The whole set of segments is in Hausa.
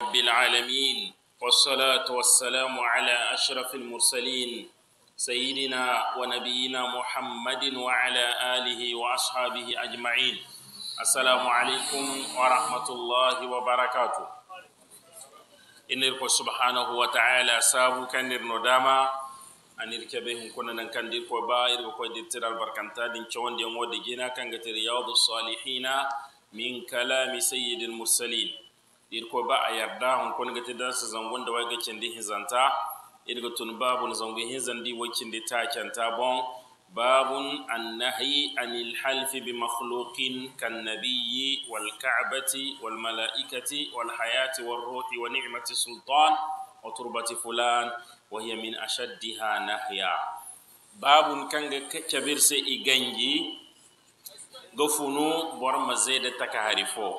رب العالمين والصلاة والسلام على أشرف المرسلين سيدنا ونبينا محمد وعلى آله وأصحابه أجمعين السلام عليكم ورحمة الله وبركاته الله سبحانه وتعالى سابو كان نرداما anir kebe hun kuna nan kan dir ko ba ir ko dir tiral barkanta din chawon din wodi gina irko ba a yarda hunkon ga ta su zangon da waga kendi hizanta irga tun babu zangon hizandi wakin da ta kyanta bon babun annahi anil halfi bi makhluqin kan nabiyyi wal ka'bati wal mala'ikati wal hayati war ruhi wa ni'mati sultan wa turbati fulan wa hiya min ashaddiha nahya babun kanga kabir sai iganji gafunu bor mazai da harifo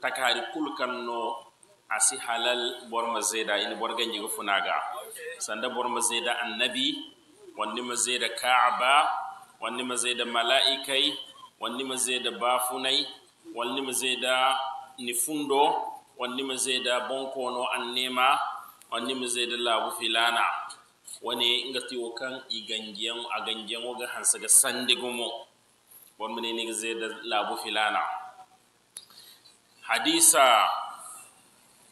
takari kulkan no asi halal borma zeda ini borga nyigo funaga sanda borma zeda annabi wani ma zeda kaaba wani ma zeda malaikai wani ma zeda bafunai wani ma zeda nifundo wani ma zeda bonkono annema wani ma zeda labu filana wani inga tiwo kan igangiyan agangiyan waga hansaga sande gumo wani ne ne zeda labu filana hadisa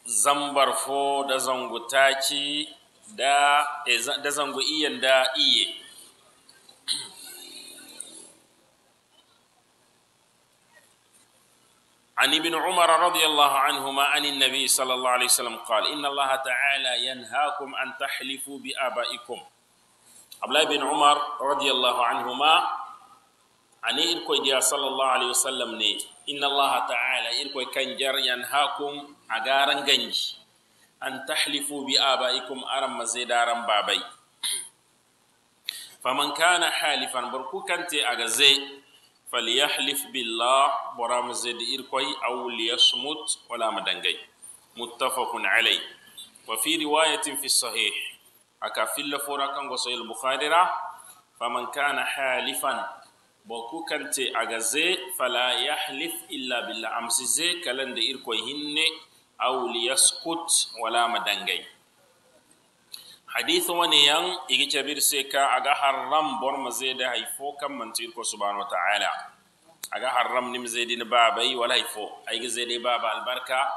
zambar fo da zangu taci da da zangu iyan da iye عن ابن عمر رضي الله عنهما عن النبي صلى الله عليه وسلم قال إن الله تعالى ينهاكم أن تحلفوا بآبائكم عبد الله بن عمر رضي الله عنهما ani irkoy diya sallallahu alaihi wasallam ne inna allaha ta'ala irkoy kan jaryan hakum agaran ganji an tahlifu bi abaikum aran mazedaran babai faman kana halifan burku kante aga ze falyahlif billah boram zedi irkoy aw liyasmut wala madangay muttafaqun alayh wa fi riwayatin fi sahih aka filla fura kan go sahih al-bukhari ra faman kana halifan boku kante aga ze fala yahlif illa billah amsi ze kalande irko hinne aw liyaskut wala madangay hadith wani yan igi cabir se ka aga haram bor maze da haifo kan manti irko subhanahu wa ta'ala aga haram nim ze din babai wala haifo ai ge dai baba albarka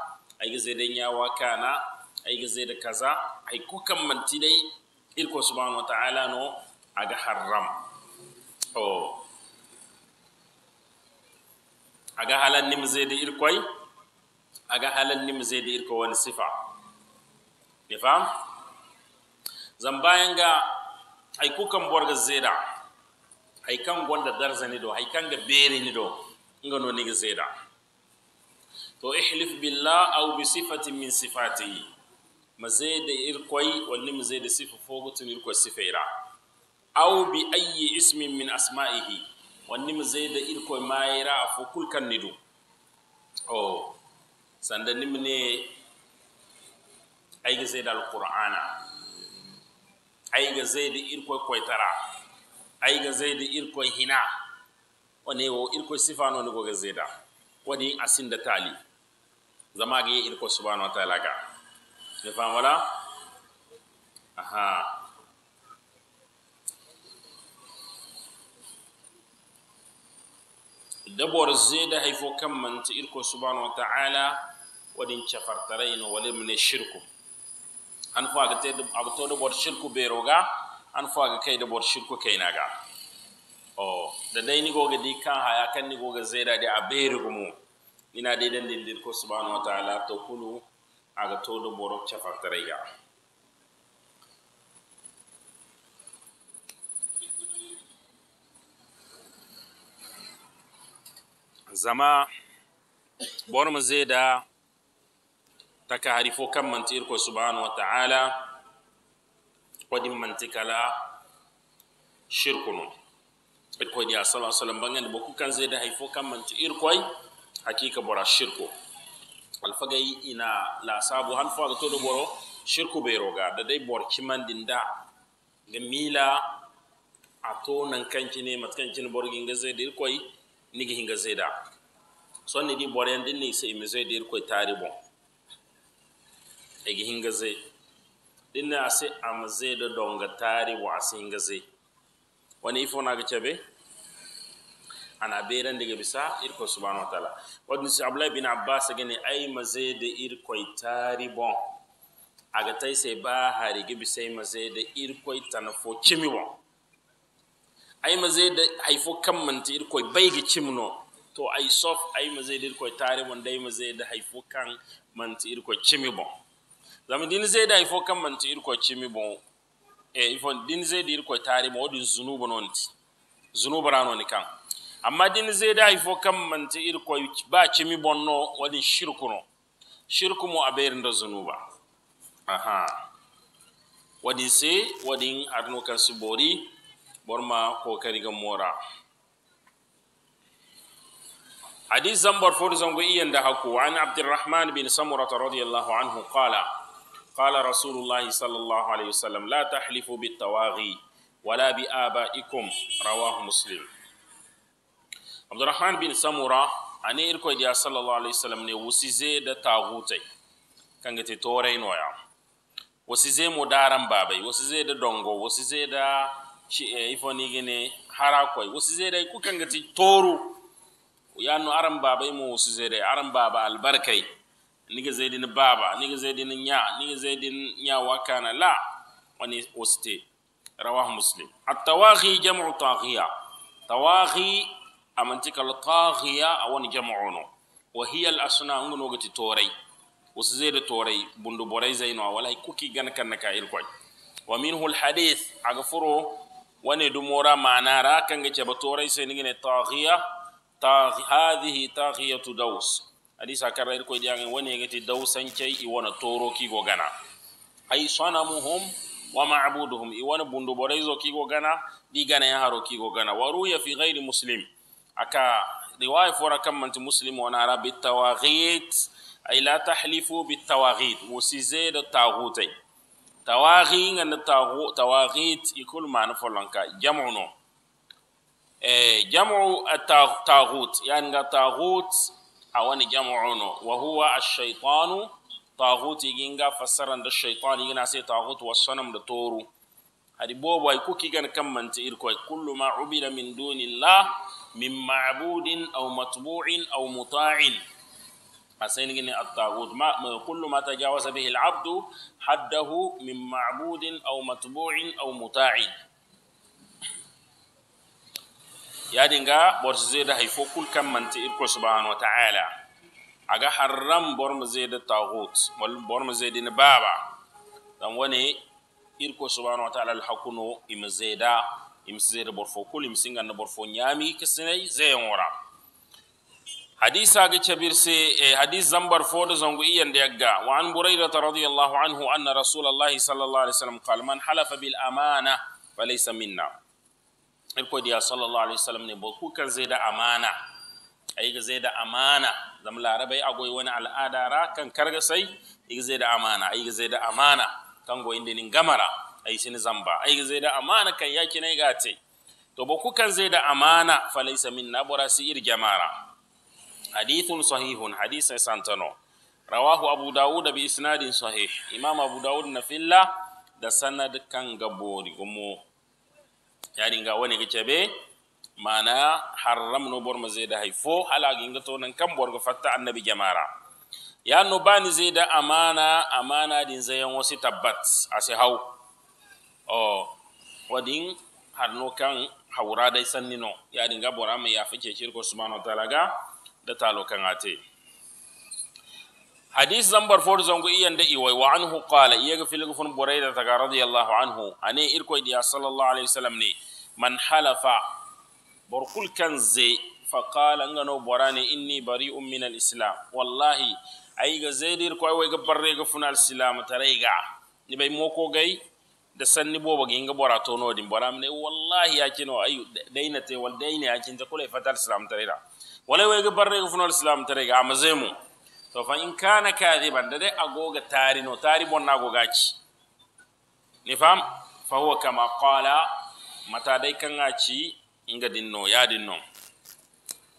ai ge dai nyawa kana ai ge da kaza ay ko kan manti dai irko subhanahu wa ta'ala no aga haram oh aga halannim zede irkoy aga halannim zede irko wani sifa ɗe fam zam bayanga hay ku kam borga zeda hay kan gonda darsani ɗo hay kanga beerini ɗo nga no niga zeda to ihlif billah aw bi sifati min sifatihi ma da irkoy wani ma zeda sifa fogotun irkoy sifaira aw bi ayi ismin min asma'ihi wannima zeyda irkoye ra a fof kul kanni ɗum o sanda nimne ayga zeyda zai da zeyda irkoye aiki zai da irko hina one wo sifano ne goga zeyda waɗi a sinda taali zamage irkoye subhanahu wa taala ga ne fam wala aha dabor zeda hay fo kam man ti irko subhanahu wa ta'ala wadin chafartara ino wale mine shirku an fa aga te aga to dabor shirku beroga an fo aga kai dabor shirku kai naga o da dai ni goga di kan haya kan ni goga zeda da aberugumu ina dai dan din ko subhanahu wa ta'ala to kulu aga to dabor chafartara ya zama bormo zeda taka hari fo kan manti irko subhanahu wa ta'ala waɗin manti kala shirkuno irko sallallahu alaihi wasallam bangan boku kan zai da haifo kan manti irkoy hakika bora shirko fagai ina la sabu han da to do boro shirku be roga da dai bor dinda. ga mila a to nan matkan kin borgin ga zai da irkoy nigi hinga zeda ni di bore din ni se imize dir ko taribon igi hinga ze din na se zai da donga tari wa se hinga ze wani ifo na ga cebe ana beran daga bisa irko subhanahu wa ta'ala wadin si abdullahi bin abbas gane ai zai da tari taribon aga tai sai ba hari gibi sai zai da irko tanafo chimibon Ai ma zai da haifo kan manta man bai ga bayge to ai sof ai ma zai da irko tare mun dai ma zai da haifo kan manta irko chimi bon zama din zai da haifo kan manta man irko bon e ifon din zai da irko tare mo odin zunuba non ti rano ni kan amma din zai da haifo kan manta irko ba cimibon bon no wadin shirku no shirku mo aberin da zunuba aha wadin sai wadin arno kan su bori borma kokari ga mora hadisan barfod zango iyanda haku an abdurrahman bin samurata radiyallahu anhu qala قال رسول الله صلى الله عليه وسلم لا تحلفوا بالتواغي ولا بآبائكم رواه مسلم عبد الرحمن بن سمرة أني إركو ديا صلى الله عليه وسلم ني وسيزي دا تاغوتي كانت توري نويا وسيزي مدارم بابي وسيزي دا دونغو وسيزي دا Eh, ifoni gine harakoy wasu zai dai kukan gati toru ya no aran baba imu wasu zai dai aran baba albarkai niga zai din baba niga zai din nya niga zai din nya wakana la wani waste rawah muslim at-tawaghi jam'u taghiya tawaghi amantika al-taghiya awani jam'u wa hiya al-asna ngono gati torai wasu zai da torai bundu borai zaino wala kuki gan kan ka irkoy wa minhu al-hadith agfuru وني دمورا معنا را كان جبتوري سنين طاغية طاغ هذه طاغية دوس حديث أكرر كو جان وني يجي دوسن شيء وانا تورو كي غنا أي صنمهم ومعبودهم وانا بندبوريزو كي غنا دي غنا يهرو كي غنا ورويا في غير مسلم أكا رواية فورا كم أنت مسلم وانا ربي التواغيت أي لا تحلفوا بالتواغيت وسيزيد التاغوتين tawaxi ngande tawaxit ikol mana folanka jamu no jamu taxut yani nga taxut awani jamu no wa huwa alshaitanu taxut iginga fassaranda shaitan igina se taxut wasanam da toru hadi bobo ay kuki gan kammante irkoy kullu ma ubida min duni llah min ma'budin aw matbu'in aw muta'in حسين بن الطاغوت ما كل ما تجاوز به العبد حده من معبود أو متبوع أو مطاع يا دينغا بورزيد هي فوكل كم من تيركو سبحانه وتعالى أجا حرم بورمزيد الطاغوت بورمزيد بابا دم وني irko subhanahu wa ta'ala alhakuno imzeda imzeda borfo kul imsinga na borfo nyami kisinai zayon wara حديث اگچ برسي حديث زنبر فود زنگو ايان ديگا وعن بريدة رضي الله عنه أن رسول الله صلى الله عليه وسلم قال من حلف بالأمانة فليس منا إلكو ديا صلى الله عليه وسلم نبوكو كان زيد أمانة أي زيد أمانة زم لا ربي أقوي وانا على آدارا كان كرغسي أي زيد أمانة أي زيد أمانة كان قوي اندين غمرة أي سن زنبا أي زيد أمانة كان ياكي نيغاتي تو بوكو كان زيد أمانة فليس منا براسي إرجمارا hadithun sahihun hadisai santano rawahu abu dawud bi isnadin sahih imam abu dawud na filla da sanad kan gabori gumo yari ga wani gace be mana haram no bor mazai da haifo halagin ga tonan kan bor ga fatta annabi jamara ya no bani zai da amana amana din zayan wasu tabbat a hau o wadin no kan haura dai sannino ya dinga bora ya fice shirko subhanahu wa ta'ala ga da talokan kan ate hadis zambar for zango iyan da iwai wa anhu qala iyaga fil gufun buraida ta radiyallahu anhu ane irko diya sallallahu alaihi wasallam ne man halafa barkul kan ze fa qala ngano borane inni bari'un min al islam wallahi ai ga zaidir ko ai ga barre ga funal islam tarayga ni bai moko gai da sanni boba ginga bora to no din bora mne wallahi ya kino ayu daina te wal daina ya ta kula fatal islam tarira wala wai ga barre ga funol islam tare ga amazemu to fa in kana kadiban da dai agoga tari no tari bonna agoga ci ni fam fa huwa kama qala mata dai kan ci inga dinno ya dinno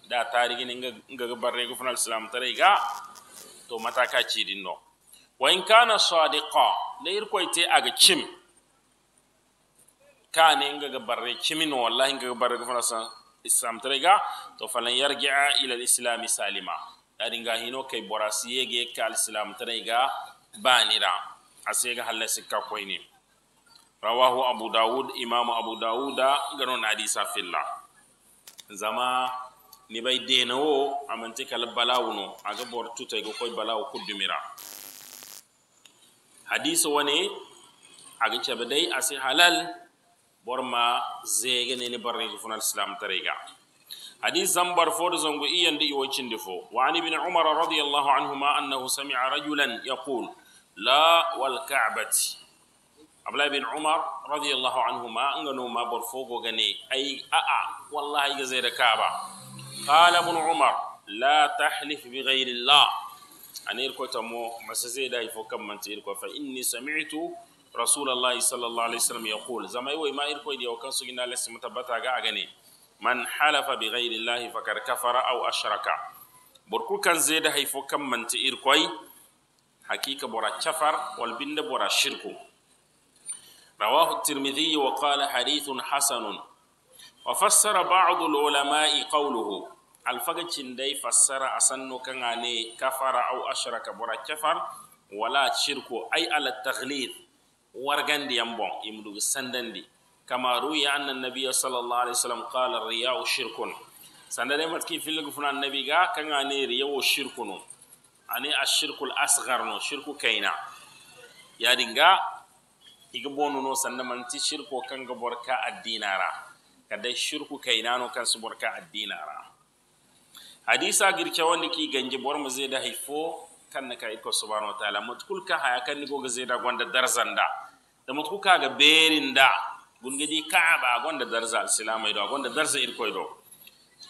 da tari gini inga inga barre ga funol islam tare ga to mata ka ci dinno wa in kana sadiqa da irkoite aga cim kane ngaga barre kimino wallahi ngaga barre ko fanasa islam trega to falan yarji'a ila islam salima dari nga hino kay borasi yege ka islam trega banira asega halle sikka koyni rawahu abu daud Imam abu dauda gano hadisa filla zama ni bay dena wo amanti kala balawuno aga bor tutay go koy balaw wani aga cebe dai asi halal برما زيغن ني بري فن الاسلام طريقا حديث زمبر فور زونغو ايان دي وچين دي فو وعن ابن عمر رضي الله عنهما انه سمع رجلا يقول لا والكعبة عبد الله بن عمر رضي الله عنهما انغنو ما بور فوغو غني اي ا والله يزيد الكعبة قال ابن عمر لا تحلف بغير الله أنير كوتامو مسزيدا يفو كم من تير كو فإني سمعت rasulullahi sallallahu alaihi wasallam yaqul zama iwo ma irko di o kansu gina lesi mutabata ga agane man halafa bi ghairi llahi fakar kafara aw ashraka burku kan zeda haifo kan manti irkoi hakika bora chafar wal binda shirku rawahu at-tirmidhi wa qala hadithun Hassanun. wa fassara ba'd al-ulama'i qawluhu alfagacin dai fassara a sannu kan ne kafara au ashraka bora kafar wala shirku ai ala taghlid wargandi yam bon imdu sandandi kama ruya anna nabiyya sallallahu alaihi wasallam qala riya'u shirkun sandane matki filgu funa nabi ga kanga ne riya'u shirkun ani ashirkul asghar no shirku kaina dinga, iga bonu no sanda manti shirko kanga borka addinara kada shirku kaina no kan su borka addinara hadisa girke wanda ki ganje bor mu zai da haifo kan na kai ko subhanahu wa ta'ala matkul ka haya kan ni go ga zai da gwanda darzanda da kuka kaga berin da gungidi kaaba gonda darza alsilamay ido gonda darza irkoy do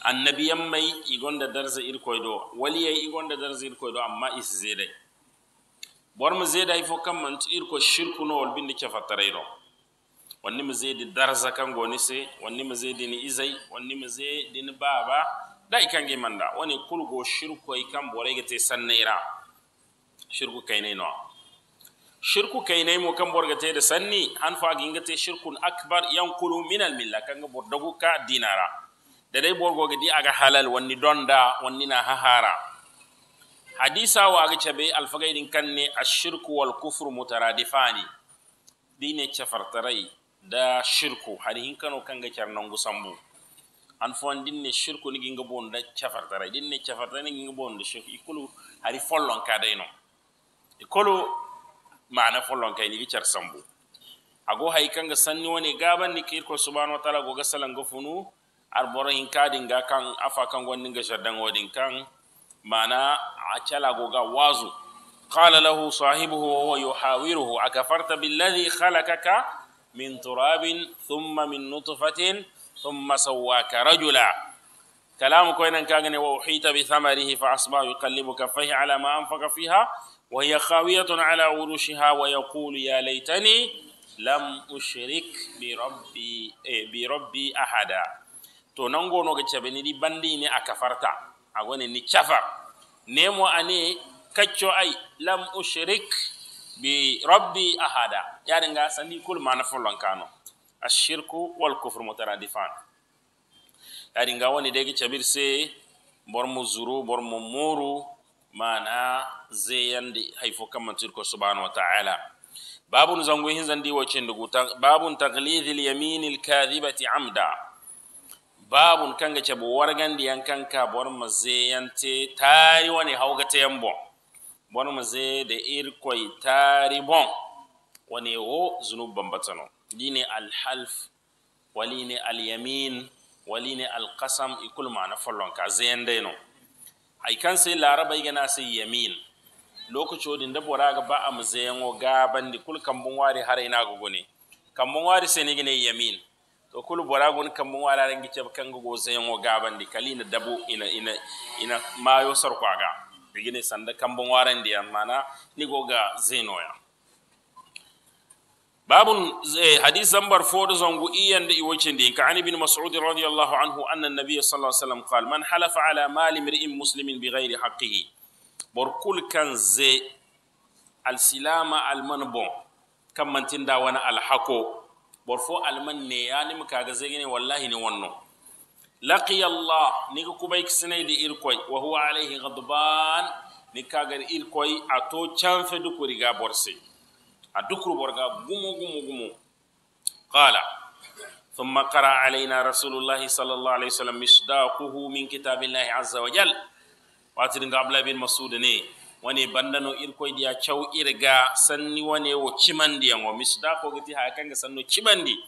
annabiyam may i gonda darza irkoy do waliyay i gonda darza irkoy do amma is bor mu zeday fo kam man irko shirkunowol bindi fatare ido wanni mu zeedi darza kan goni se ni izai wanni mu wonni ni baba dai kan kangi manda wani kulgo shirkoy kam borege te sanneira shirku kaynay noa shirku kai ne mu kan borga te sanni an fa ginga te shirkun akbar yankulu min al milla kan go dagu ka dinara da dai borgo di aga halal wanni donda wanni na hahara hadisa wa ga chabe al fagaidin ne ashirku wal kufru mutaradifani dine chafartarai da shirku hari hinkano kanga charnangu sambu an fa fon dinne shirku ni ginga da chafartarai dinne chafartarai ni ginga da shirku ikulu hari follon ka dayno ikulu ma'ana follon kai ni gicar sambu ago hay kanga sanni wani gaban ni kirko subhanahu wa ta'ala go gasalan go funu arboro hin kadin ga kan afa kan gonni ga shaddan wodin kan ma'ana a cala go ga wazu qala lahu sahibuhu wa huwa yuhawiruhu akafarta billadhi khalaqaka min turabin thumma min nutfatin thumma sawwaka rajula كلامك وين كان وأحيط بثمره فأصبح يقلب كفيه على ما أنفق فيها وهي خاوية على ya kulu يا ليتني لم أشرك بربي إيه بربي أحدا to nan gono ga cabe ni bandi ne a kafarta a wani ni cafa nemo a ne kacco ai lam ushrik bi rabbi ahada ya dinga sandi kul ma na fulon kano ashirku wal kufr mutaradifan ya dinga wani daga ga sai bor mu zuru bor mu muru Ma'ana mana zeyandi haifo kan mutum ko subhanahu wa taala babun zangu hinzandi wocendugu babun taglidi lyamini kadhibati amda babun kanga cabo wargandi yan kanka borma te tari wani hawgateyan bon borma ze da irkoy tari bon wani wo zunub bambatano dine alhalf waline alyamin waline alkasam ikul mana follonka zeyandeno no. ai kan sai laraba igana sai yamin lokaci odin da bora ga ba am zayan o ga bandi kul kambun wari har ina go gone kambun wari sai ni gine yamin to kul bora gon kambun wari ran gice kan go zayan o ga bandi kalina dabu ina ina ina mayo sar kwaga digine sanda kambun waran di amma na ni go ga zainoya باب حديث نمبر فور زنغو إيان دي دي كعن ابن مسعود رضي الله عنه أن النبي صلى الله عليه وسلم قال من حلف على مال امرئ مسلم بغير حقه بركل كان زي السلام المنبو كم من تندا وانا الحقو برفو المن نياني مكاغ زيني والله نونو لقي الله نيكو كوبايك سني دي إيركوي وهو عليه غضبان نيكاغر إيركوي أتو چانفدو كوريغا بورسي a dukuru borga gumu gumu gumu qala thumma qara alaina rasulullah sallallahu alaihi wasallam misdaquhu min kitabillahi azza wa jal wati dinga abla bin masud ne wani bandano irko dia chau irga sanni wani wo chimandi yango misdaqo giti ha kanga sanno chimandi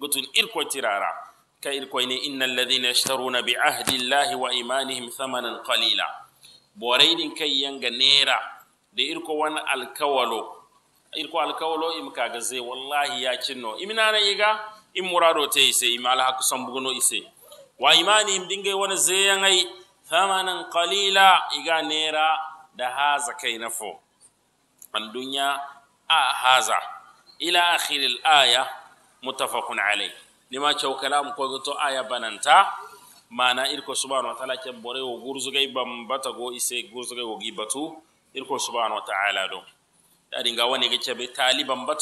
gutun irko tirara ka irko ne innal ladhina yashtaruna bi ahdi allahi wa imanihim thamanan qalila boraydin kayanga nera da irko wan alkawalo irko alkawolo im kaga ze wallahi ya cinno iminana iga im murado te ise imala ala haku sambugono ise wa imani im dinge wona zeyangai thamanan qalila iga nera da haza kai fo an dunya a haza ila akhir al aya muttafaqun alayh nima chaw kalam ko to aya bananta mana irko subhanahu wa ta'ala ke bore wo gurzugai bambata go ise gurzugai wo gibatu irko subhanahu wa ta'ala do ɗaɗinga woni ce bai taliban ba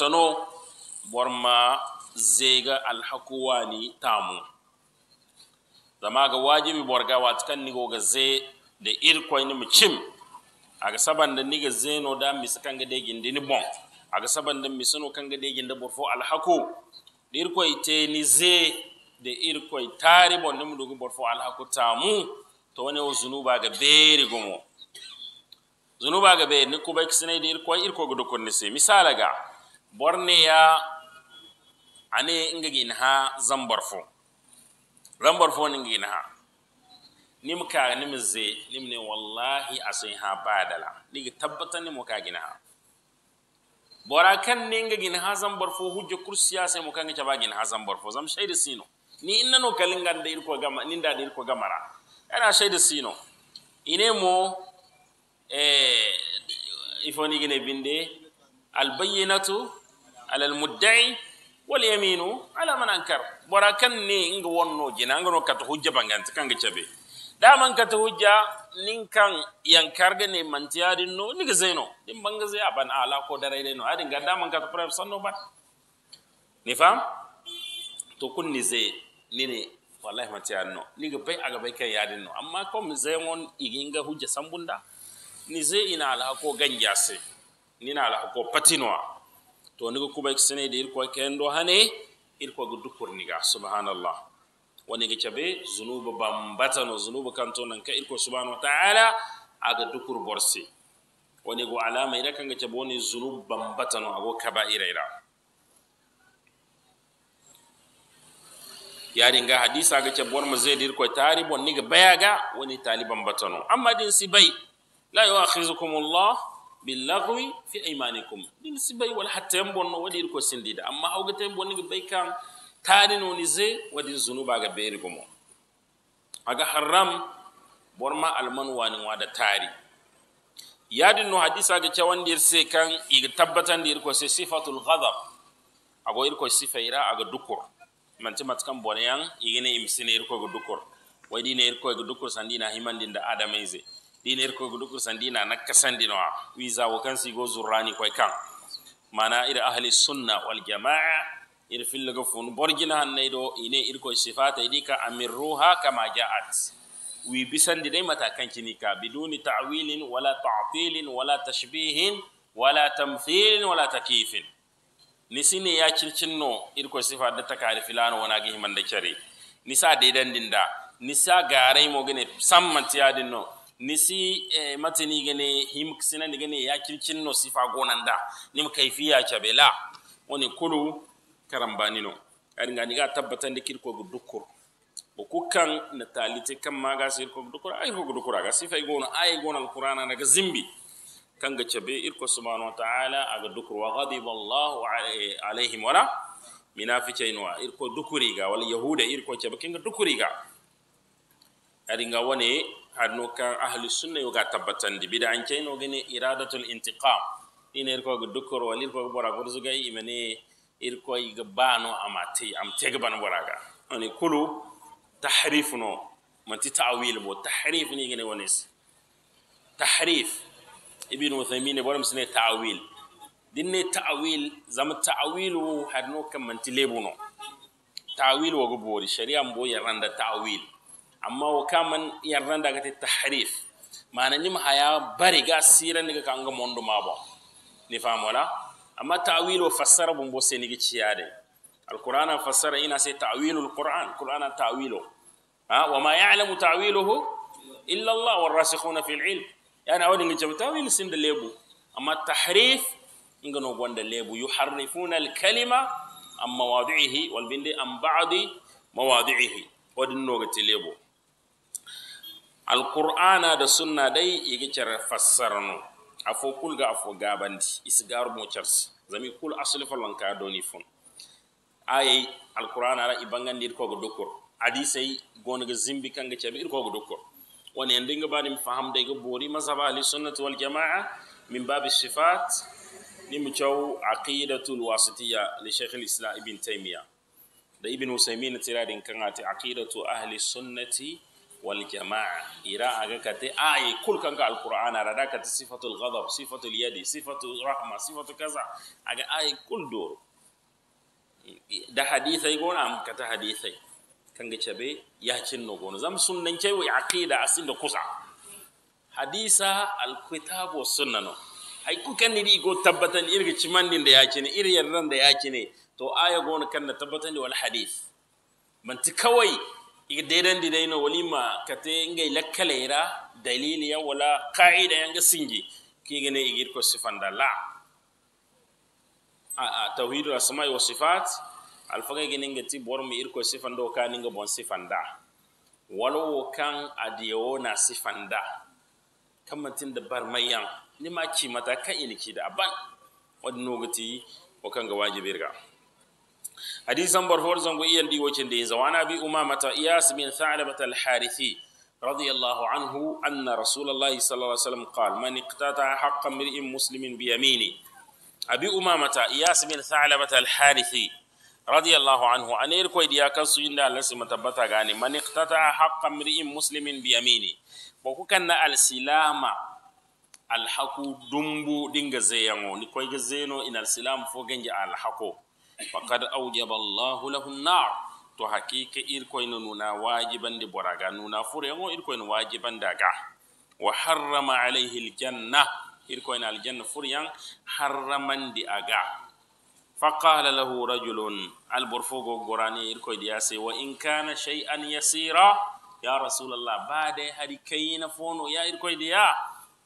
zai ga zega ni tamu zama ga wajibi borga wati kan ni ga ze da irkoyni mu cim aga ga niga no da misa kanga de gindini bon aga sabanda kan ga de ginda borfo alhaku da irkoy te ni ze da irkoy tari bon mu dugu borfo alhaku tamu to wani o zunuba ga beri gomo ga ɓe ni kubay irko irkoy irkogo dokkonne se misala ga borneya ane inga gina ha zambarfo zambarfo fo ni ngagi ni nima kaga nima ze nima ne wallahi asoy ha badala tabbatar ni muka gina. naha bora kan ne inga gina ha zambarfo hujja kur siyasa muka kanga caba gina ha zambarfo zam shayda sino ni kalinga da irko gama ni da irko gamara ana shayda sino ine mo Eh, ifoni gine binde albayyinatu ala almudda'i wal yaminu ala man ankar bora kan ne inga wonno jina nga no kata hujja banganti kanga chabe da man kata hujja nin kan yankar ga ne man tiyari no ni gazaino din banga zai aban ala ko dare ne no adin ga da man kata prof sanno ba ni fam to kun ni zai ni ne wallahi tiyari no ni ga bai aga bai kan yadin no amma ko mi zai won iginga hujja sambunda Ni zai ina alhako ko ganjase ni na alhako patinwa to nigo kuba sene irko ko do hane irko ni ga subhanallah wani ga cabe zunuba bambata no zunubu kanto nan ka irko subhanahu wa ta'ala aga dukur borsi wani go alama ira kan ga cabe wani zunubu bambata no ago kaba'ira ira yarin ga hadisa ga cabuwar mu zai dirko tari bonni ga bayaga ga wani taliban batano amma din si bai la yu'akhizukumullah bil lagwi fi aymanikum din sibay wala hatta bonno wadi ko sindida amma hawga tem bonni ga bay kan tani no ni ze wadi zunuba ga beri ko mo aga haram borma alman wani wada tari yadin no hadisa ga cewan dir se kan iga tabbatan dir ko se sifatul ghadab ago ir ko sifaira aga dukur manti matkan bonayan igene imsine ir ko ga dukur wadi ne ir ko ga dukur sandina himandin da adamai ze ɗiner koy na sandina nakka sandinoa Wi wo kan go zurrani koy kan mana ir ahli sunna wal jamaa ir fillaga fun borgina ne do ine ir ko sifata idika ka kama jaat wi bisan dai mata kini ka biduni ta'wilin wala ta'tilin wala tashbihin wala tamthilin wala takifin sini ya cincinno ir ko sifata da takari filano wonagi himanda cari nisa deidandinda nisa garay mogene sammantiya dinno nisi eh, matini gane him sinani gane ya kirkin no sifa gonanda nim kaifiya cabela woni kulu karambanino ari ngani ga tabbatan da kirko gudukur o kukan na talite kan maga ga sir ko gudukur ai ko gudukur ga sifa gona ai gona alqur'ana na ga zimbi kan ga cabe irko subhanahu wa ta'ala aga dukur wa ghadiba allah alaihim wala wa irko dukuri ga wal yahuda irko cabe kinga dukuriga dukuri ga ari nga hanno kan ahli sunna yoga tabbatandi bida an kai kayno gene iradatul intiqam ina irko go dukkor wal irko bora gorzu gay imane irko ga bano amate am tege ban boraga ani kulu tahrif no manti ta'wil bo tahrif ni gene wonis tahrif ibn uthaymeen boram sine ta'wil dinne ta'wil zam ta'wilu hanno kan manti lebuno ta'wil wo go bori sharia mbo yaranda ta'wil amma wo kaman yarran daga ta tahrif mana nyum haya bari ga sira ni ga kanga mondo mabo ni famola amma ta'wil wa fassara bun bo senigi ciyade alqur'ana fassara ina sai ta'wilul qur'an qur'ana ta'wilo ha wa ma ya'lamu ta'wiluhu illa Allah wal rasikhuna fil ilm yana wadi ngi jabu ta'wil sin da lebu amma tahrif ngano gonda lebu yuharrifuna al kalima am mawadi'ihi wal bindi am ba'di mawadi'ihi wadin noga te lebu Alƙur'ana da sunna dai yigi cara fassarno afo kulga afo gabandi isgaru mo charsi zami kul asli falon ka doni fun. ayi alqur'ana ra ibangandir ko dokor hadisai ga zimbi kan kanga cabe ir ko dokor wani yanda ga bani faham da ga bori mazhab ahli sunnati wal jamaa min babu sifat ni mu caw aqidatul wasitiyya li shaykh al islam ibn taymiya da ibn usaymin tiradin kan ati aqidatu ahli sunnati wal jama'a ira aga kate ay kul kanka alqur'ana rada kate sifatul ghadab yadi sifatul rahma sifatul kaza aga ay kul do da hadithai gona am kata hadithai kanga chabe ya cinno gona zam sunnan cai wa aqida asin da kusa hadisa alkitab wa sunna no ay kan ni go tabbatan irga cimandin da ya cine iriyar ran da ya cine to aya gona kan na tabbatan hadith manti kawai iga dedan di dayno walima kate ila lakkaleira dalili ya wala qaida yanga sinji kigene igir ko sifanda la a a asma'i wa sifat alfaga ti ngati bormi irko sifando nga bon sifanda walawo kan adiyo na sifanda kamatin da bar mayan ni ma ki mata ka iliki da aban wadda nogati wakan ga wajibirga hadisan barfor zango iyan di wakin da yin zawana bi umamata iyas bin thalabat al-harithi radiyallahu anhu anna rasulullahi sallallahu alaihi wasallam qala man iqtata haqqan mir'in muslimin bi yamini abi umamata iyas bin thalabat al radiyallahu anhu an ir koy su inda Allah sima tabbata gani man a haqqan mir'in muslimin bi yamini boku kanna al alhaku dumbu dinga zayango ni fo alhako faqad awjaba allahu lahu nar to hakika irkoyno nuna wajibande boraga nuna furengo irkoyno wajibandaga wa harrama alayhi aljanna irkoyno aljanna furyan harramandi aga faqala lahu rajulun albor fogo gorani irkoyde yase wa in kana shay'an yasira ya rasulallah bade hari kayina fono ya irkoyde ya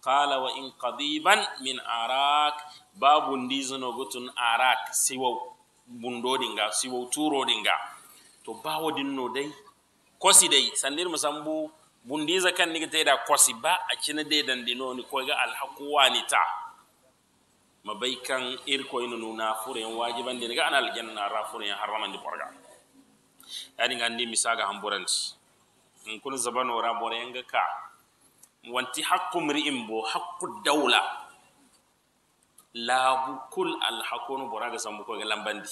qala wa in qadiban min arak babu ndizano gutun arak siwo. bundoɗin ga siwow turoɗin ga to dai kosi dai sandir musambu bundiza kan niga da kosi ba a cina dai dandinoni koyga alhaku wanita ma ko kan irkoyno furen wajiban wajibandini ga janna aljanna na haraman di borga yani ni misaga hamburanti in kun zabanora borenga ka wanti hakku mri'in bo hakku dawla laabu kul al bora ga sambu ko lambandi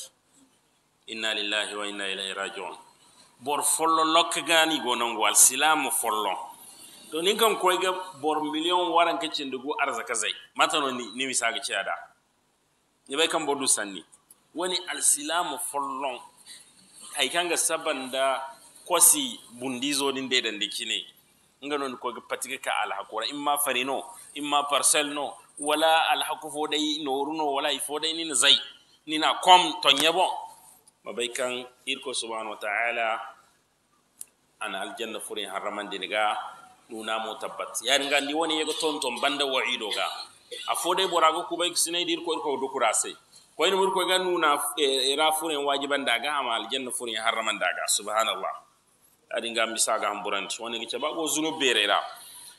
inna lillahi wa inna ilaihi rajiun bor follo gani gonon al silamu follo to kan ko ga bor million waranka cendugu arzaka zay matano ni ni misaga ceada ni bai kan bodu sanni Wani al silamu follon kan ga sabanda kosi bundizoɗin ndeɗan de kine nga noon koyga patiga ka al hakkora imma farino imma parcel no wala alhaku fo dai no wala ifo dai ni zai ni na kom to nyebo kan irko subhanahu wa ta'ala ana aljanna furin haraman diniga nuna mu tabbat yarin ga ndi woni yego tonton banda wa'ido ga a fo dai borago kubai sinai dir ko irko dukura sai ko ni murko ga nuna ira e, furin wajiban daga ama aljanna furin haraman daga subhanallah adinga misaga hamburanti woni ke go zunubere ra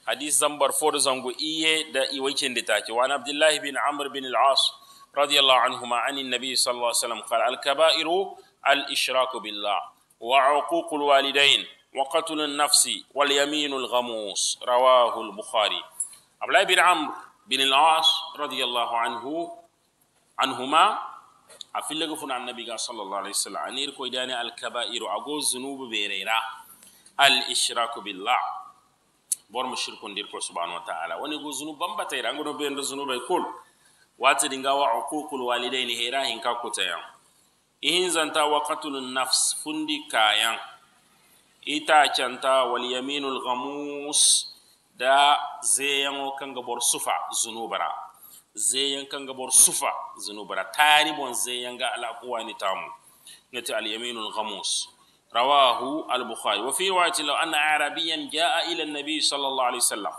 حديث زمبر فور زنغو إيه دا إيويتين دتاكي وعن عبد الله بن عمر بن العاص رضي الله عنهما عن النبي صلى الله عليه وسلم قال الكبائر الإشراك بالله وعقوق الوالدين وقتل النفس واليمين الغموس رواه البخاري عبد الله بن عمر بن العاص رضي الله عنه عنهما أفلق لغفنا عن النبي صلى الله عليه وسلم أنير كويدان الكبائر أقول ذنوب بيريرا الإشراك بالله bor mo shirkondir ko subhanahu wa taala woni go zunuban batayra ngodo be zunu bai kul wati dinga wa uququl walidain heyra hin ka kotayan ihinzanta wa qatulu nafs fundi kayan ita chanta wal yaminul ghamus da o kanga bor sufa bara zeyan kanga bor sufa bara, tari bon ga ala kuwani tamu ngati al yaminul ghamus رواه البخاري وفي رواية لو أن أعرابيا جاء إلى النبي صلى الله عليه وسلم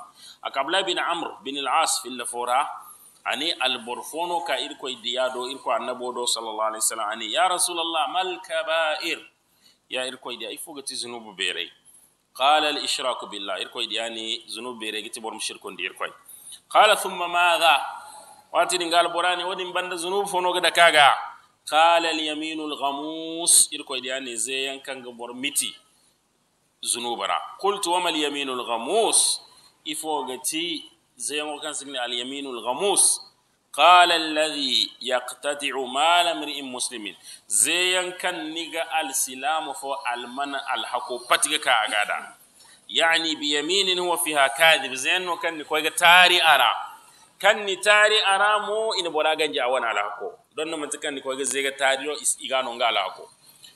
اقبل بن عمرو بن العاص في اللفورة أني البرفونو كإركو ديادو إركو دو صلى الله عليه وسلم أني يا رسول الله ما الكبائر يا إركو دي أي تزنوب بيري قال الإشراك بالله إركو دي يعني زنوب بيري إيه تبور مشركون دي إركو قال ثم ماذا واتي قال براني ودين بند زنوب فونو كاغا قال اليمين الغموس يركو يدي يعني زي كان غبر ميتي زنوبرا قلت وما اليمين الغموس يفوغتي زي ما كان سكن اليمين الغموس قال الذي يقتطع مال امرئ مسلم زي كان نيغا السلام فو المن الحقو باتيكا كاغادا يعني بيمين هو فيها كاذب زين وكان كويغا تاري ارا كان تاري ارا مو ان بوراغا جاوان على حقو Don donna ni tikan ko ga zega tariyo is igano ngala ko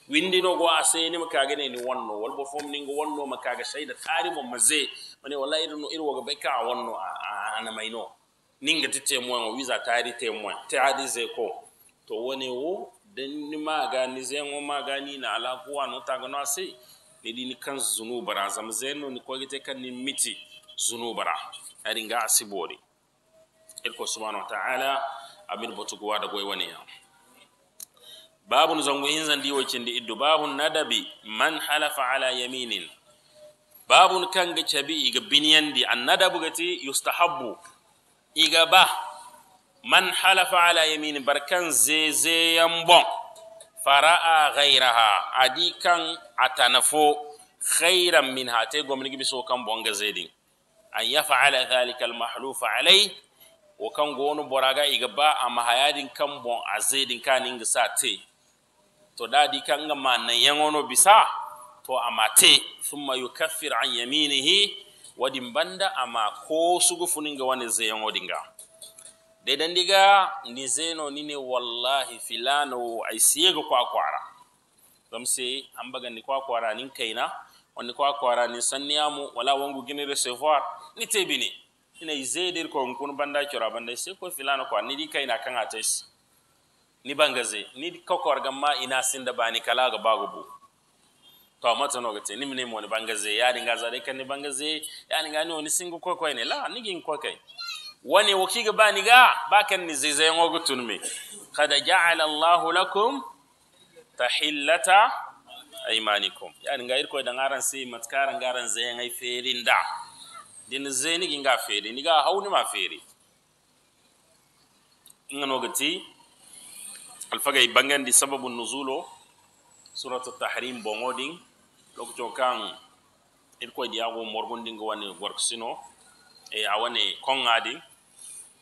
windi no go ni maka gane ne ni wonno wal bo fom ningo wonno maka ga shaida tari mo maze mane wallahi irin no irwa ga beka wonno ana maino ninga tite mo wiza tari te mo adi ze ko to woni wo dan ni maga ni ze mo maga ni na ala ko no ta ga no ase ne ni kan zunubara zam ze no ni ko ga kan ni miti zunubara ari nga asibori irko subhanahu wa ta'ala amin botugo da wani waniya babun zango hinzan diwo cindi iddu babun nadabi man halafa ala yaminin babun ga cabi iga di an nadabu gati yustahabbu iga ba man halafa ala yaminin barkan zezeyan bon fara'a ghairaha adi kan atanafo khairan min te gomni gibi so kan bonga zedin an ya dhalika al mahlufa alayhi wa kan gonu boraga iga ba a hayadin kan bon a zaidin kaani nga sa te to daadi kan ga ma wono bisa to ama te summa yukaffir an yaminihi wadin banda ama ko su wani zai yan wane zeyaŋo dinga diga ni zeno ne wallahi filano siye ga kwakwara gam sai an baga ni kwakwara nin kaina wani kwakwara nin sanniyamu wala wangu gini reservoir ni ne. ina izedir ko nkun banda ban banda sai ko filana ko ni dika ina kan atesh ni bangaze ni ko korga ma ina sinda bani kala ga bago bu to mata no gate ni mine mo ni bangaze ya dinga zare kan ni bangaze ya dinga ni oni singo ko ko ne la ni gin ko kai wani waki ga bani ga ba kan ni zizai ngogo tunme kad ja'ala allah lakum tahillata aymanikum ya dinga irko da ngaran sai matkaran garan zai ngai ferin da din zeni ginga feere niga hauni ma feere inganoga ti alfagay bangandi sababu nuzul o suratu tahrim bongo din lokaco kan ir koy diyago morgondinga wani work sino e awane wani konga din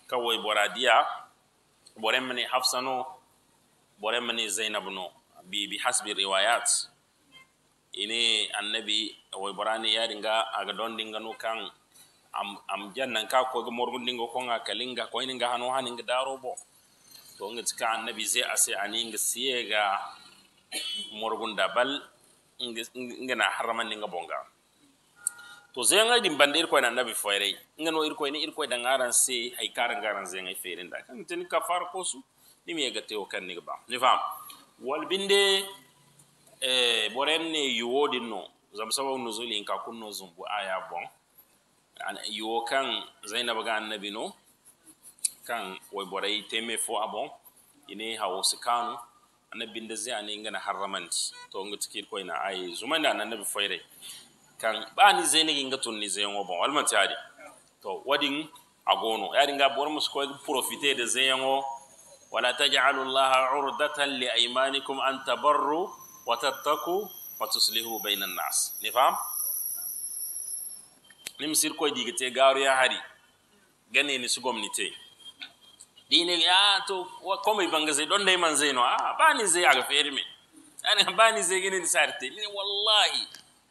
kawoy bora diya boremani Hafsano, no boremani zainab no bi bi hasbi riwayat ini annabi woy borani yaringa aga dondinga no kan am am jannan ka ko morgun dingo ko nga kalinga ko ninga hano haninga daro bo to ngi tika annabi zai ase ani ngi ga morgun dabal bal ngi na haraman ninga bonga to zai ngai din bandir ko annabi foire ngi no ko ni irko da ngaran se hay karan garan zai ngai fere da kan tin far ko su ni mi ga tewo kan ni ba ni fam wal binde eh boren ne yuwodin no zam sabo nuzulin ka kunno zumbu aya bon yiwo kan zainab ga annabi no kan wai borai teme fo abo ine hawo kanu annabi da zai ne ngana harramanti to ngi tikir ko ina zuma da annabi foire kan ba zai zaini ginga tunni zayin obon walma tari to wadin agono yari nga bor mus ko profite de zai o wala taj'alu Allah urdatan li aymanikum an tabarru wa tattaqu wa tuslihu bainan nas ni fam nim digi te, garu ya hari gane ni ni te. dine ya to komai banga zai don dai man zai no a ah, ba ni ze aga feri me ani ba ni ze gine ni sarte ni wallahi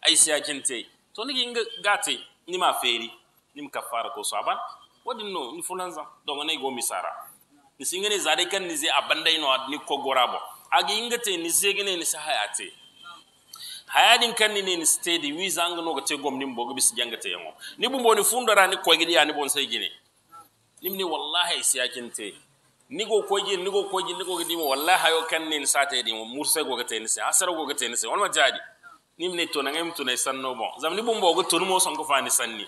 ai siya kinte to ni ginga gate ni ma feri ni mu fara ko so aban wadin no ni fulanza don ne go misara ni singene zade kan ni zai abandai no ni ko gorabo agi ingate ni ze gine ni sahayate hayadin kan ni ni stedi wi zanga no gate gom nim bogo bis jangate yango ni bumbo ni fundara ni gidi ani bon sai gine nimni wallahi si siyakinte ni go ko gidi ni go ko gidi ni go gidi mo wallahi yo kanni ni sate di mo murse go gate ni se asara go gate ni se on ma jadi nimni to na ngem to ne no bon zam ni bumbo go to no mo son sonko fani san ni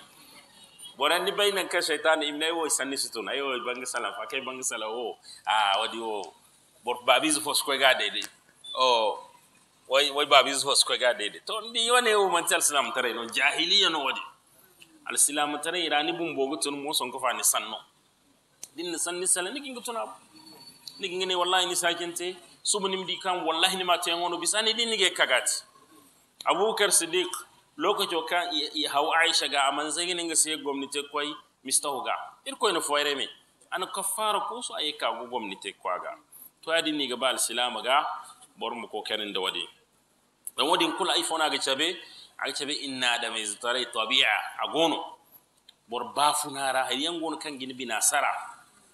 boran ni bayna ka shaytan im imne wo san ni situ na yo bang sala fa kay bang sala wo oh, ah wadi wo oh. bor babizu fo ko gade de oh Wai wai babu zuwa kai ga dede to ni yone o man tsal islam tare no jahiliya no wadi al islam tare irani bumbo gutun mo son ko fani sanno din ni sanni sala ni ginga tuna ni kinga ne wallahi ni su sumu di kan wallahi ni ma to yangono bisani din ni ge kagat abubakar siddiq lokacin ka i hau aisha ga aman zai ne ga sai gwamnati kwai mista huga irko ina foire me an ka fara ko su ayi ka gwamnati kwaga to ya dini ga bal silama ga bor mu ko kenin da wadi ɓe wadin kula ay fona aga cabe aga cabe da mai zutare tabia a gono bor bafunara hayyan gono kan gini bina sara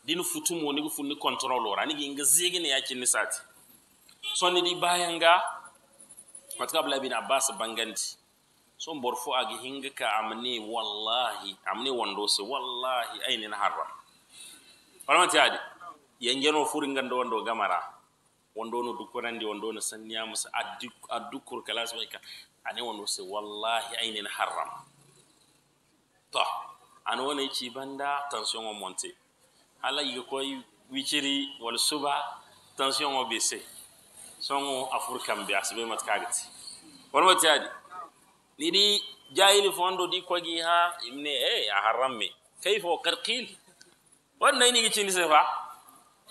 dini futumo nigi ni control ora nigi inga yakin yakinni sati ni di bayanga matka abdullah bin abbas banganti son bor a aga hinga ka amni wallahi amni wando se wallahi ainin harram falamati adi yangeno furi gando wando gamara wondono dukkorandi wondono sanniyamasa a dukkur kalas way ka ane wondo se wallahi aynen haram to an wani ci banda tension o monte hala yiga koy wiciri wala suba tension o bese songo afur kambe asibe mat kagati wonmo tiadi niɗi jahili fondo di kogi ha imne e eh, a harramme kayfo karqil wonnayinigi cindi se fa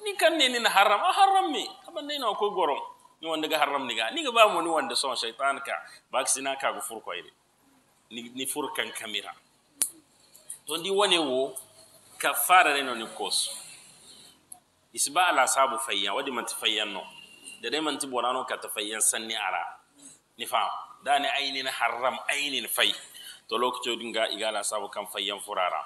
ni kan ni nin haram a me. abanne na ko gorom ni wanda ga haram ni ga ni ga ba mu ni wanda son shaytan ka ba sina ka go furko ire ni ni furkan kamira to ndi wone wo kafara ne no ni kosu isba ala sabu fayya wadi man tafayyan no da dai man tibo no ka tafayyan sanni ara ni fa da ni ainin haram ainin fai to lokacin dinga igala sabu kan fayyan furara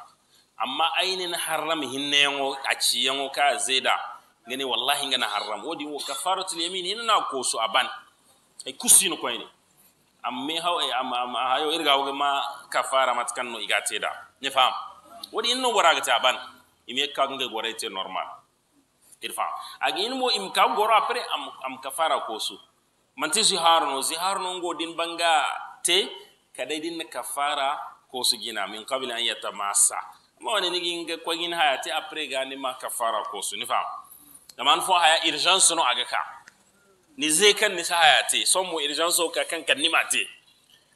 amma ainin haram hinne yango a ciyango ka zeda gani wallahi ngana haram wodi wo kafaratul yamin hinna ko su aban e kusino ko ene amme haw e am am hayo irga wo ma kafara kan no igate da ne fam wodi inno waraga ta aban Imi ka ngi gore te normal irfa agi in mo im ka goro apre am am kafara ko so manti ziharno ziharno ngo din banga te kadai din kafara ko su gina min qabla an yatamassa mo ne ngi ko gin hayati apre ga ni ma kafara ko su ni fam man fo haya urgence no aga ka ni zai kan ni sa haya te son mu urgence ka kan kan ni mate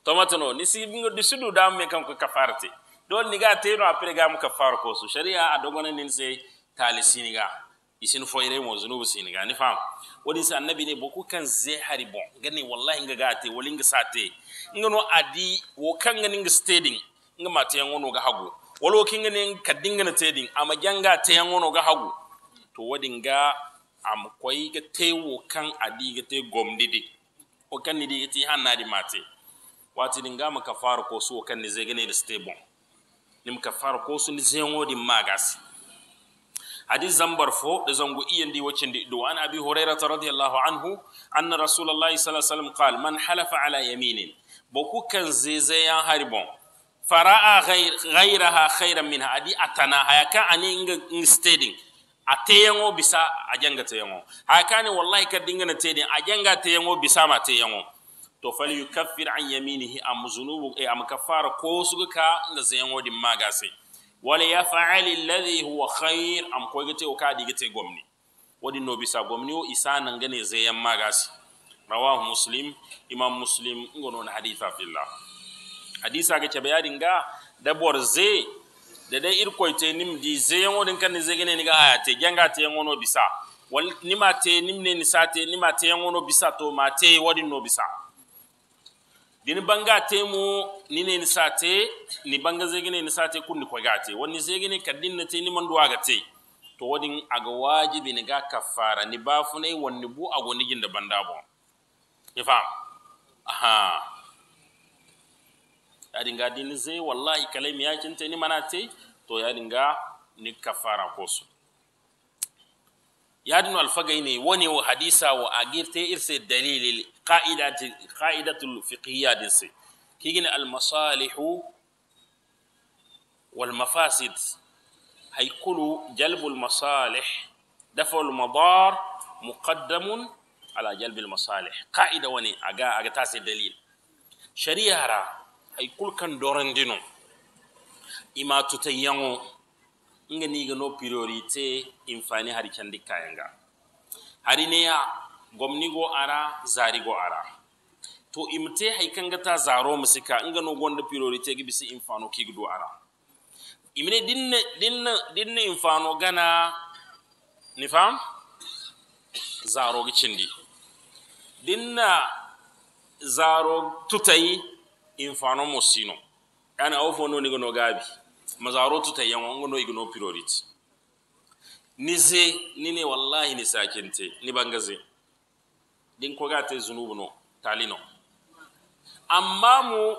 to no ni si bingo di sudu da me kan ko kafarte don ni ga te no apre ga mu kafar ko su sharia a dogona ni sai talisini ga isin fo ire mo zunubu siniga ga ni fam wadi sa annabi ne boku kan zai hari bon gani wallahi nga ga te wali ga sa te ngono adi wo kan ngani nga stading nga mate ngono ga hagu walo kinga ne kadinga na tedin ama janga te ngono ga hagu to wadin ga am koy ga tewo kan adi ga te gomdi di o kan ni diga ti hanna di mate wati ga mu kafara ko su kan ni zegene da stable ka fara ko su ni zengo di magasi hadis zambar fo da zango iyan di wacin di do an abi hurairah radiyallahu anhu anna rasulullahi sallallahu alaihi wasallam man halafa ala yaminin boku kan yan haribon fara'a ghayraha khayran minha adi atana hayaka ani inga stading A teyango bisa a janga teyango hakani wallahi kadingana a janga teyango bisa ma teyango to fali yukaffir an yaminihi am zunubu e am kafara ko suka ka na zayango din magase wala fa'ali alladhi huwa khair am ko gite o ka digite gomni wadi no bisa gomni o isa nan gane zayan magase rawahu muslim imam muslim ngono na haditha fillah hadisa ga tabayadin ga dabwar zai dede ir koyte nim di zeyengo din kan zegene ni ga ayate genga te ngono bisa wal nima te ne ni sate nima te ngono bisa to ma te wadi no bisa din banga te mu ni ne ni sate ni banga zegene ni sate kunni ko gate wani zegene kadin na te ni man duwa te to wadin aga wajibi ni ga kafara ni ne wani bu agoni ginda banda bon ifam aha yaɗinga dilise wallahi kalami mi yakinte ni manate to dinga ni kafara dinu yaadino ne wani wa hadisa wa agirte irse dalilil qaidati qaidatul fiqhiya din se kigine almasalihu walmafasid haikulu jalbul masalih dafa lmadar muqaddamun ala jalbi lmasalih qaida woni aga tasir dalil shari'ara ay kulkan dorandino ima tuta yango nga niga no priorité infani hari candi kayanga hari neya go ara zarigo ara to imte hay ta zaro musika nga no gonda priorité gi bisi infano kigdu ara imine dinne dinne dinne infano gana ni fam zaro gi chindi dinna zaro tutai? infano mosino ana awfo no ni gono gabi mazarotu tayan wango no igno priority nize nine wallahi ni sakinte ni bangaze din ko gate zunubu no talino amma mu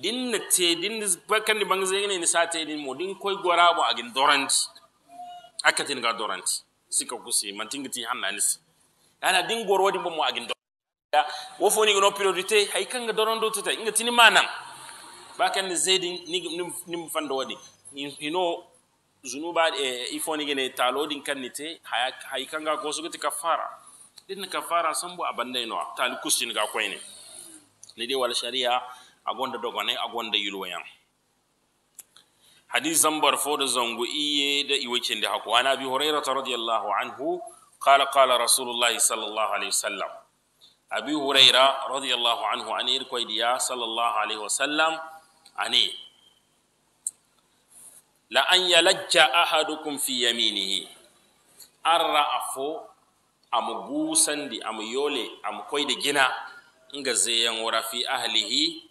din na te din bakan ni bangaze ni ni sate din mo din koy gorabo agin doranti akatin ga doranti sika si mantingiti hannanis ana din gorwadi mo agin da wo fo niga no priorité hay kanga doron do tata inga tini manan bakan zaidin nim fando wadi you know zunuba e ifo niga ne talo din kan nite hay kanga ko suga ti kafara din kafara sambo abanda no tal kusin ga koyne ni de wala sharia agonda dogone agonda yulwayan hadith zambar fo da zangu iye da iwacin da haku ana bi hurairata radiyallahu anhu رسول الله صلى الله عليه وسلم abi hurayra radiyallahu anhu ani irkoy diya sallallahu alaihi wasallam ani la an yalajja ahadukum fi yaminihi arra afo amu busandi amu yole amu koyde gina nga zeyan wara fi ahlihi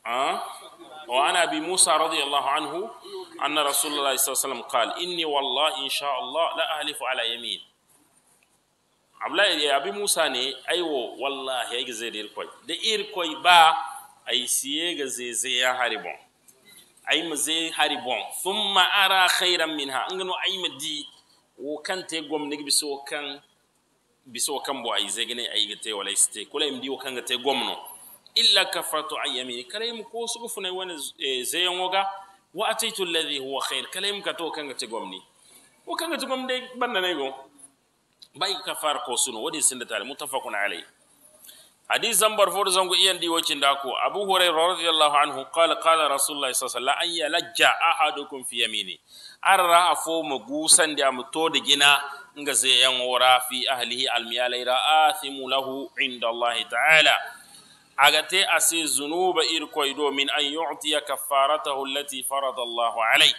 أه؟ وعن أبي موسى رضي الله عنه أن رسول الله صلى الله عليه وسلم قال إني والله إن شاء الله لا أهلف على يمين abdullahi eh, abi musa ne aiwo wallahi ai zai da irkoi da irkoi ba a yi siye ga zai ya haribon ai mu zai haribon thumma ara khairan ha, an gano ai di wo kan te gwamna biso kan biso kan bo ai zai gane ai ga te wala iste kula imdi wo kan ga te gwamno illa kafatu ayyami kala im ko su fune wani eh, zai yan woga wa ataitu alladhi huwa khair kala im ka to kan ga te gwamni wo kan ga te gwamni dai banna ne go bay ka far ko suno wodi sinda tare muttafaqun alayhi hadisan bar fodo zango iyan di wacin da ko abu hurairah radiyallahu anhu qala qala rasulullah sallallahu alaihi wasallam an yalajja ahadukum fi yamini arra afo mu gusan da mu to da gina nga zayan wara fi ahlihi almiyalai ra'athimu lahu inda allah ta'ala agate ase zunuba irkoy do min an yu'tiya kaffaratahu allati farada allah alayhi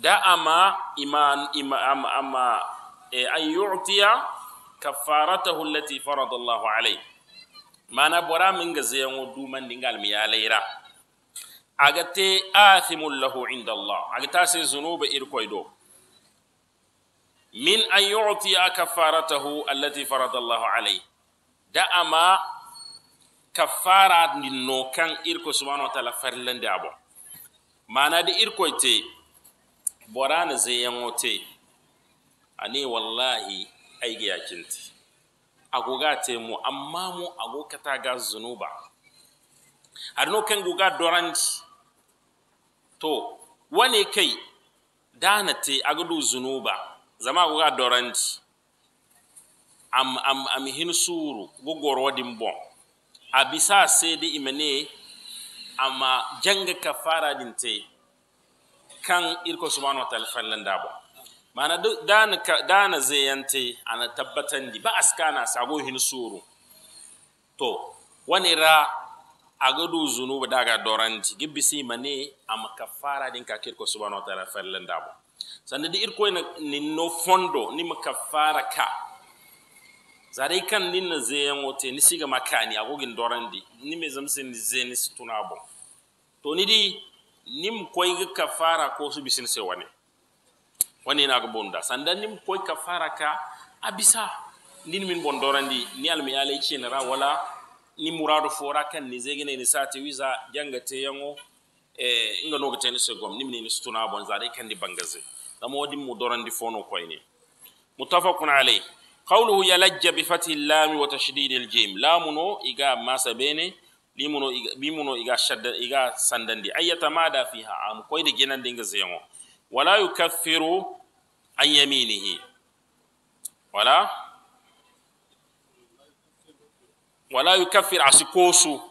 da ama iman ima ama أن يعطي كفارته التي فرض الله عليه mana bora min ga zeyango duman dingal mi yalaira agate athimul lahu inda Allah agata se zunuba irkoido min an yu'ti kafaratahu allati farada Allah alayhi da ama kafara ninno kan irko subhanahu wa ta'ala farlande abo mana da irkoite bora na zeyango te ane wallahi aigi yakinti agoga mu amma mu ago ta ga zunuba no kan goga doranci to wane kai dana te agadu zunuba zama ga doranci am am am hin suru go wadin bon abisa sede imene amma janga kafara dinte kan irko subhanahu wa ta'ala fallan dabo mana duk dana dana zeyante ana da ba n'a sago hin suru to wani ra agadu zunuba daga gibi si mane a kafara din ka kirko subhanahu wa ta'ala fallanda bo sanda da irko ni no fondo ni makafara ka zare kan ni na zeyan wote ni siga makani agogin di, ni me zamsin ni zai ni su bo to ni di nim koyi kafara ko su bisin sai wani. wani na bonda sanda nim koy kafara ka abisa nin min bon dorandi ni almi yale chenra wala ni muradu fora kan ni zegene ni sati wiza jangate yango e inga no ni segom nimni ni stuna bon zare kan di bangaze da modi mu dorandi fono ni mutafaqun alayh qawluhu yalajja bi fathi lam wa tashdid al jim lamuno iga masabene limuno iga bimuno iga shadda iga sandandi ayyata mada fiha am de genan dinga zeyango wala a an yaminihi wala wala yukaffir asikosu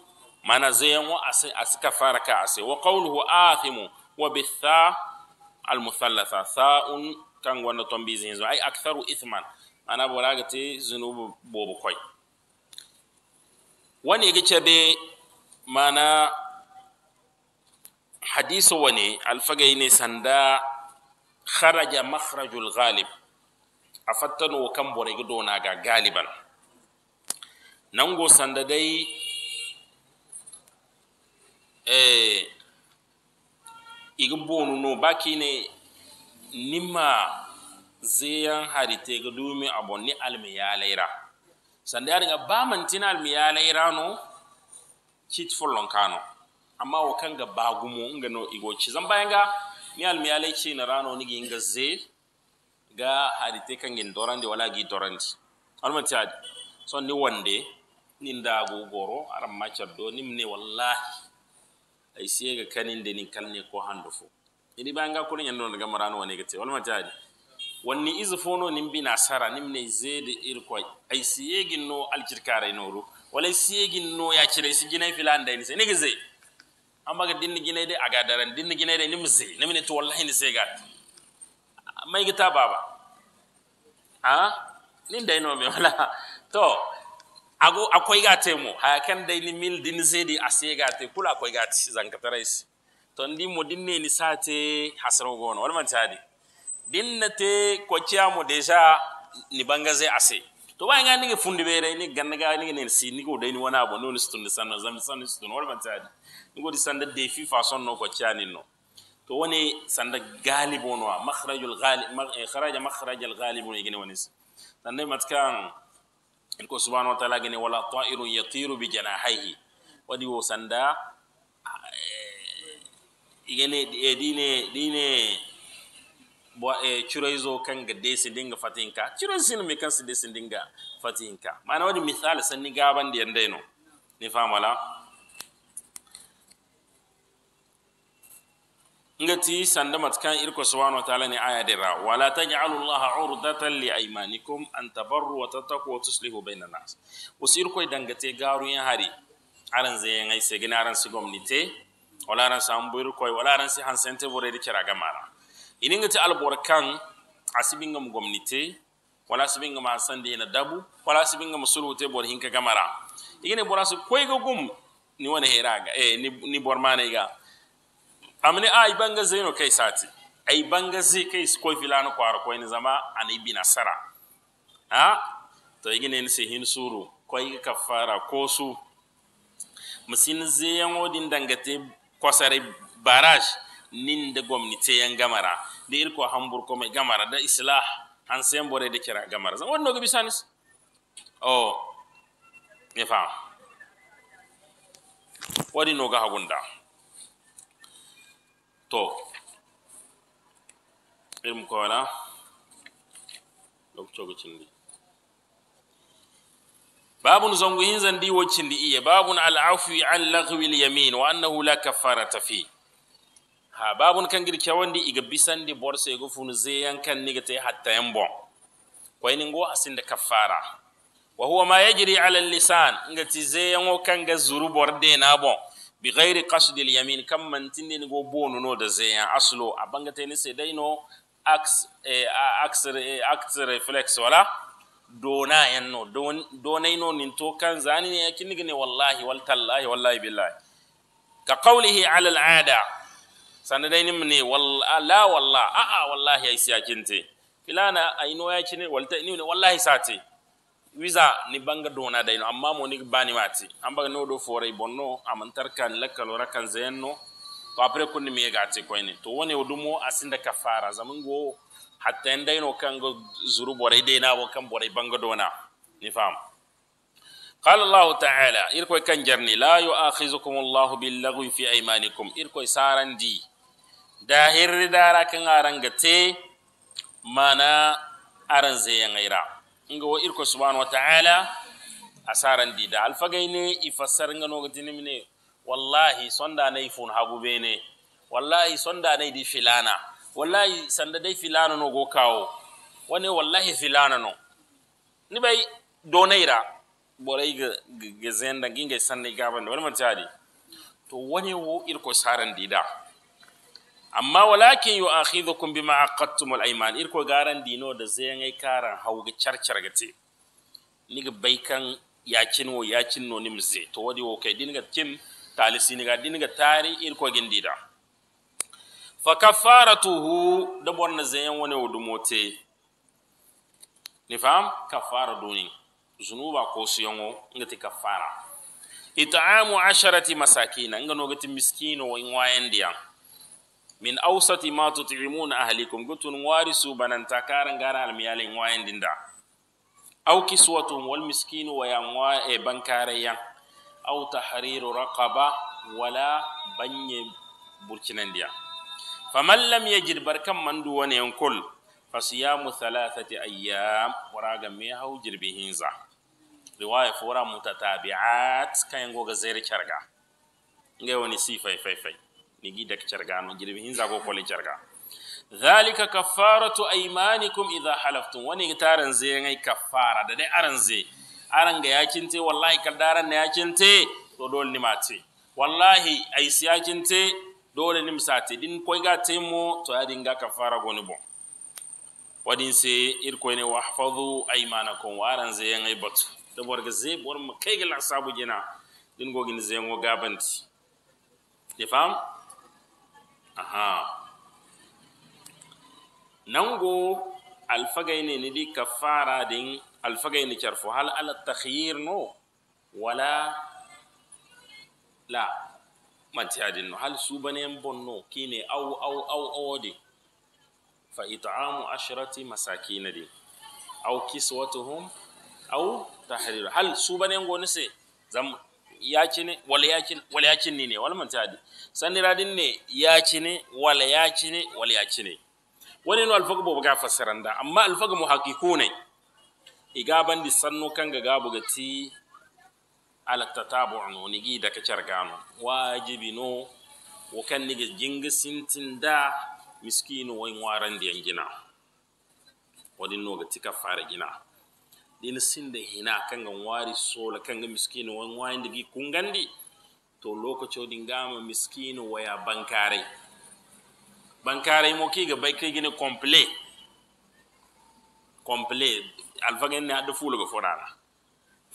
mana zeyanwo asikafara ka ase wa qawluhu athimu wa bitha almuthallatha tha'un kan wanda tombi zinzo ay aktharu ithman ana boraga te zunubu bobu wani ga cebe hadiso wani ne sanda kharaja makhrajul ghalib afattano kan borege ga galiban go sanda dai eh, iga baki ne nima ziyan harite ga dumi abon ni almiyalaira sanda yariga bamantina almiyalaira no chit kano. amma wa kan ga bagumo nga no igoci zan bayan ga ni almiyalai ce na rano ni ga ze ga harite kan gin dorandi wala gi dorandi almanci adi son ni wande ni ndago goro aram macar do ni nimne wallahi ga kanin da ni kalne ko hando fo ini bayan ga kullun yando daga marano wane gate a adi wanni izu fono ni bi nasara nim ne zede irko ay siyegin no aljirkare noru wala siyegin no ya cire sigina filan da ni sai ni gaze amaga dinni gine de aga daran dai, gine de nimzi nimini to wallahi ni sega mai gita baba ha nin dai no me wala to ago akwai ga temo ha kan dai ni mil din zedi a sega te kula akwai ga tarais to ndi mo dinne ni sate hasro gono wal man tadi dinna te ko ciya mo deja ni bangaze ase to ba nga ni fundi bere ni ganna ga ni ne si ni ko dai ni wana bo non stun san zam san stun wal man tadi ngodi sanda de fi façon no ko canin no to woni sanda galibo no makhrajul ghalib eh, kharaja makhrajal ghalibu ne gine woni sanda matkan ko subhanahu wa ta'ala gine wala ta'irun yatiru bi janahihi wadi wo sanda eh, igene e dine dine bo e curaizo kanga desi dinga fatinka curaisino mi kansi desi dinga fatinka mana wadi misal sanni gaban gabandi yandeno ni famala ti sanda matkan irko subhanahu wa ta'ala ni aya de ra wala taj'alu allaha urdatan li aymanikum an tabarru wa tattaqu wa tuslihu bainan nas usir koy dangate garu yan hari aran zayen ai se gina aran si gomnite wala aran sa ambur koy wala aran si hansente bore di kira gamara ini ngati alborkan asibinga mu gomnite wala asibinga ma sande na dabu wala asibinga musulute bore hinka gamara igine bora su koy gum ni wona heraga e ni ni bormane ga amni ah, ai banga no kai sati ai banga zai kai kofi filana kwara ko ni zama anai bi nasara ha to igine ni se hin suru ko ka kafara ko su musin zeyan odin dangate kwasare baraj nin da gwamnati yan gamara da irko hambur ko mai gamara da islah an sayan bore da kira gamara zan wannan ga bisanis oh ne fa wadi no ga hagunda to irin ko wala lokacin go cindi babun zangu hin zandi wo cindi iya babun al afwi an laghwi al yamin wa annahu la kafarata tafi ha babun kan girke wanda iga bor sai go funu zeyan kan niga te hatta yambo koy ningo asinda kafara wa huwa ma yajri ala al lisan ngati zeyan o kan ga zuru borde na bon bi ghairi qasdil yamin kam man tindin go bonu no da zayan aslo a bangate ni sai dai no ax e, ax ax reflex e, wala dona yan no donai no nin to kan zani ne yakin ne wallahi wal tallahi wallahi billahi ka qawlihi ala al ada sanadai nim ne la wallah a a wallahi ai siyakin te filana aino yakin walta ni wallahi sati. wiza ni banga dona dayno amma mo ni bani mati amba no do fore bonno amantar kan lakal wara kan to apre kun ni mega ti ni to woni odumo asinda kafara zamango go hatta ndayno kan go zuru bore de na bo kan bore banga dona ni fam qala allah ta'ala irko e kan jarni la yu'akhizukum allah bil lagwi fi aymanikum irko e sarandi dahir dara kan arangate mana aranze yang inga wa irko subhanahu wa ta'ala asaran dida ne ifassar nga noga tinimine wallahi sonda nay fun habubene wallahi sonda nay di filana wallahi sanda dai filana no go kawo wani wallahi filana no ni bai donaira borai ga ga zenda ginga sanne gaban da wani mutadi to wani wo irko saran dida amma walakin yu akhidhukum bima aqadtum al ayman irko garan dino da zayan karan hawga charchar gate ga baikan yakin wo yakin no nimse to wadi wo kai dinga tim talisi ga dinga tari irko gindida fa kafaratuhu da bonna zayan wani wudumote ni fam kafara doni zunuba ko siyongo ngati kafara it'amu asharati masakina ngano gati miskino wa inwayen diyan min awsati ma tut'imuna ahlikum gutun warisu bananta takaran gara almiyalin wayan dinda aw kiswatun wal miskinu wa yanwa e eh, bankareyan aw tahriru raqaba wala banye burkinandiya faman lam yajid barkan mandu wani yankul fasiyamu thalathati ayyam waraga me hau jirbihinza riwaya fura mutatabi'at kayan goga zairi charga ngai wani si fai nigi dak cargano jirbi hinza go kole carga dhalika kafaratu aymanikum idha halaftum wani taran ze ngai kafara da dai aran zai, aran ga yakin te wallahi kaldaran ne yakin te to dole ni mate wallahi ai siyakin te dole ni msate din koy ga te mo to ya dinga kafara goni bon wadin se ir koy ne wahfazu aymanakum waran ze ngai batu da borga ze bor mu kai ga lasabu jina din gogin ze ngo gabanti de fam aha nango ne ni di kafara din alfagai ni charfu hal ala takhyir no wala la manti adin no hal subanen bonno kine au-au-au au aw di fa it'amu ashrati masakin di au kiswatuhum au tahrir hal su subanen se zam yakini wal yakin wal yakinni ne di? Sandira din ne ne? yakini wal yakini wal ne. wani no alfaga bo ga da, amma alfaga hakiku ne igaban di sannu kan ga gabu ga ti ala tatabu'un wani gi da kacar gano wajibi no wo kan ni jingi sintin da miskino wani waran da yangina wani no ga tika fara gina din da hina kanga wari sola kanga miskino wan da gi kungandi to lokacin din gama miskino waya bankare bankare mo bai kai gine complet complet alfagen ne adda fulu ga fonana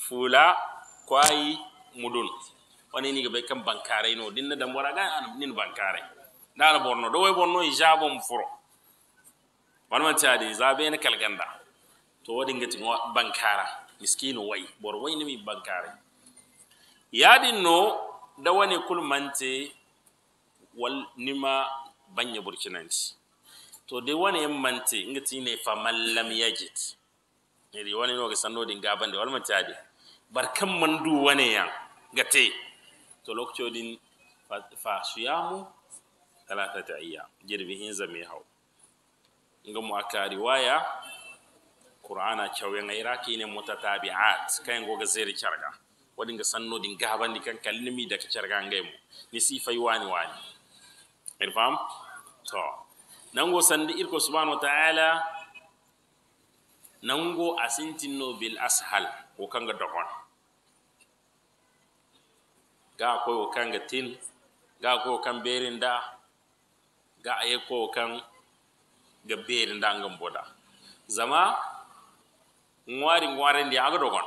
fula kwayi mudun wani ni ga bai kan bankare no da mura ga an nin bankare dala borno do way borno ijabo mfuro wanma tadi zabe ne kalganda to wadin gati bankara miskinu wai bor wai ne mi bankara yadin no da wani mante wal nima banya burkinanci to dai wani yan mante inga ti ne fa mallam yajit ne dai wani no ga sanno din gaban da walman ta dai barkan mandu wani yan gate to lokacin din fa suyamu ta iya jirbihin zame hau inga mu aka riwaya qur'ana cawyenga irakine mutatabiat kayengoga zeri carga din gaban gabandi kan kalnimi da carga ngaymo ni sifay wani wani en fam to nango sandi irko subhanahu wa taala nango asintinno bil ashal ko kanga dogon ga ko wo kanga tin ga ko kan kan berinda ga aye koy kan ga berinda ngam boda zama ngwari ngwari ndi aga dogon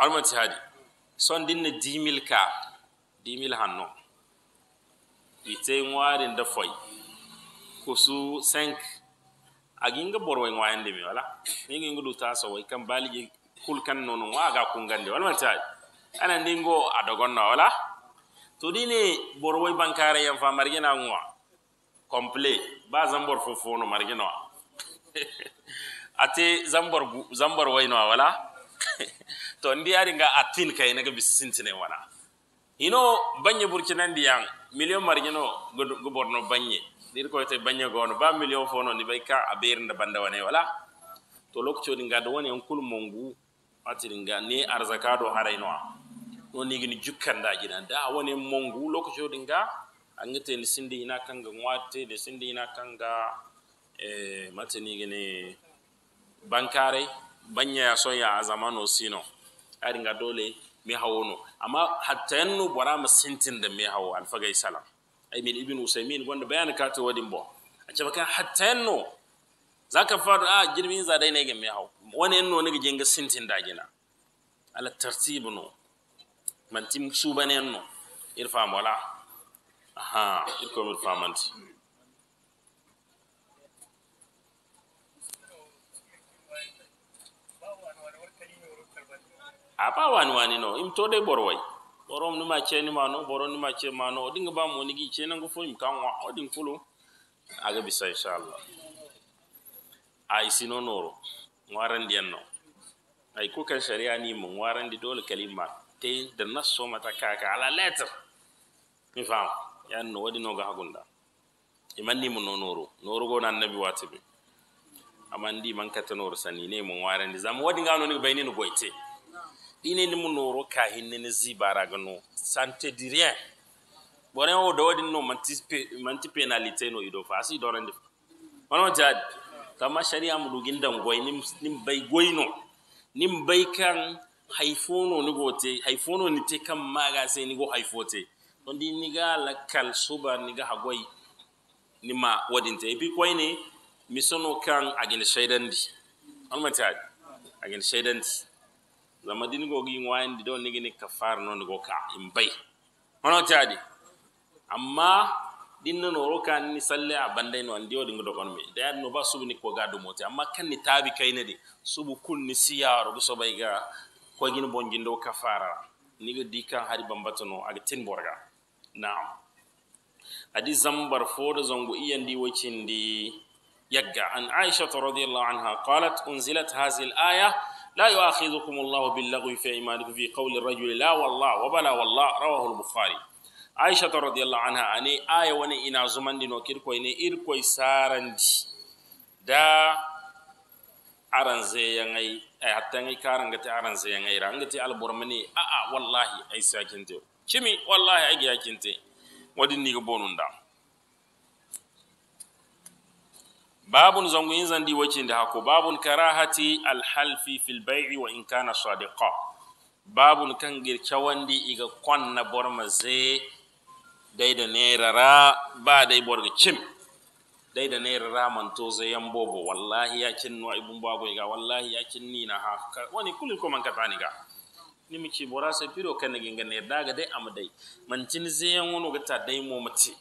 alma ti hadi son dinna 10000 ka 10000 hanno ite ngwari nda foy kusu 5 aginga borway ngwayen ndi mi wala ningi ngudu ta so way kam baliji kul kan nono waga kungande wala ti hadi ana ndingo adogon na wala to dine borway bankare yam fa margina ngwa complete bazan bor fofono no margina wa ate zambar zambar wayno wala to ndi ari nga atin kay naga bisintine wala ino banye burki burkinandi yang million margino goborno banye dir ko te banye gono ba million fono ni bay ka abernda banda wane wala to lokco ni wani woni on mungu, mongu atiri nga ne arzaka do haraynoa no ni jukanda jina da woni mongu lokco di nga angete ni sindi ina kanga ngwate ni sindi ina kanga e ni gini bankare banya ya sonya a zamano sino ari nga dole mi hawono amma hatta yannu bora ma sintin da mi hawo alfagai salam ai min ibn usaymin wanda bayan ka to wadin bo a ce baka hatta yannu zaka faru a girmin za dai ne ga mi hawo wani yannu ne ga jinga sintin da gina ala tartibu no man tim subanen no irfa mola aha irko mi famanti apa wani wani no im to de borwai borom numa ceni mano borom numa ce mano no, dinga ba mo nigi cena go fo im kan wa odin ding fulu aga bisa inshallah ai sino noro waran dianno ai ko kan sharia ni mun waran di dole kalima te da naso mata kaka ala letter mi fam yan no wadi no ga hagunda imanni mun no noro go nan nabi watibe amandi man katanor sani ne mun waran di zam wadi ngano ni bayni no boyte ine mu noro ka hinne ne zi baragano sante di rien bore o do din no mantipe na lite no ido fa si do rende wono ja kama sharia mu dugin dan goy ni nim bay no nim bay kan haifono ni gote haifono ni te kan maga sai ni go haifote don di ni ga la kal suba ni ga hagoy ni ma wadin te bi koy ne misono kan agin shaidandi on ma ta agin di. go gi ngwandi do ni ni kafar non go ka imbay hono tadi amma dinna no kan ni salle a bandai no andi odi ngodo kon mi da no ba subni ko gadu moti amma kan ni tabi kayne di subu kun ni siyaro go sobay ga ko gi no bonji ndo kafara ni go di kan hari bambato no aga tin borga na'am adi zambar fodo zongo iyandi wocindi yagga an aisha radhiyallahu anha qalat unzilat hazihi al-aya لا يؤاخذكم الله باللغو في ايمانكم في قول الرجل لا والله وبلا والله رواه البخاري عائشة رضي الله عنها أني آية وني إنا زمان دي نوكير كوي ني إير كوي سارندي دا أرنزي ينغي أي حتى ينغي كارنغتي أرنزي ينغي رانغتي البرمني أأ والله أي ساكنتي شمي والله أجي أكنتي ودي نيغ بونون دا babun zangu yin zandi wacin da hako babun karahati alhalfi fil bai'i wa in kana sadiqa babun kan girce wandi iga kwanna borma zai dai da nerara ba dai borga cim dai da nerara manto zai yan bobo wallahi ya kinno ibun bago iga wallahi ya ni na ha wani kulin ko man katani ga ni mi ci bora sai piro kan ginga ne daga dai am dai mantin zai yan wono ga ta dai mo mace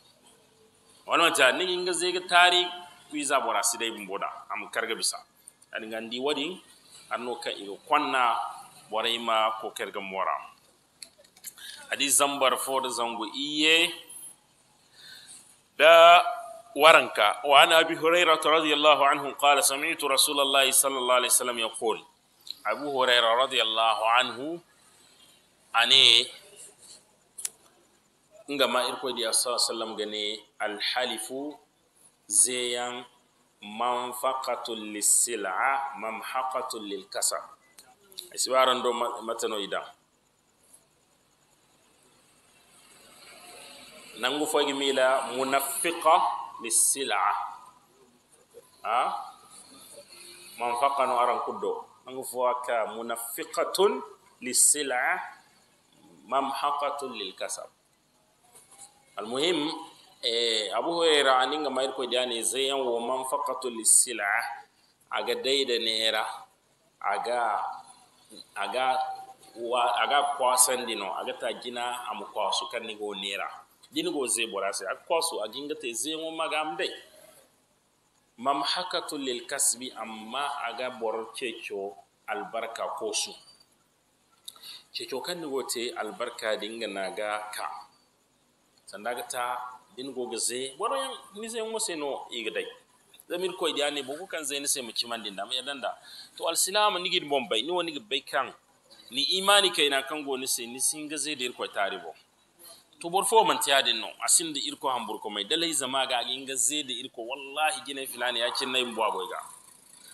wani mata ni ginga zai ga tarihi visa bora sidai mboda am karga bisa an gandi wadi anno ka igo kwanna bora ima ko karga mora adi zambar foda zango iye da waranka wa ana abi hurairah radiyallahu anhu qala sami'tu rasulullahi sallallahu alaihi wasallam yaqul abu hurairah radiyallahu anhu ane nga ma irko di sallallahu alaihi wasallam gane alhalifu زيان منفقة للسلعة ممحقة للكسا اسوارا دو متنو يدا نانغو فوغي ميلا منفقة للسلعة ها منفقة نو اران كودو نانغو فوكا منفقة للسلعة ممحقة للكسب المهم Eh, abu huraira aninga mayir ko jani zayan wo manfaqatu lisila aga dayda nera aga aga wa aga a no aga ta jina mu kwasu kan ni go nera dini go ze borase aga kwasu aginga te zayan maga amde mamhakatu lil kasbi amma aga borcecho albarka kosu ceco kan ni go te albarka dinga naga ka sandaga ta in goga ze waro yang ni se mo se no igdai zamir koy ne bogo kan ze ni se mu cimandi ndam danda to al silama ni gid bombay ni woni bai kan ni imani kai na kan go ni se ni ga ze dir tare bo to bor fo man din no asin da irko hambur ko mai dalai zama ga ga ze da irko wallahi gine filani ya cin nayin bwa ga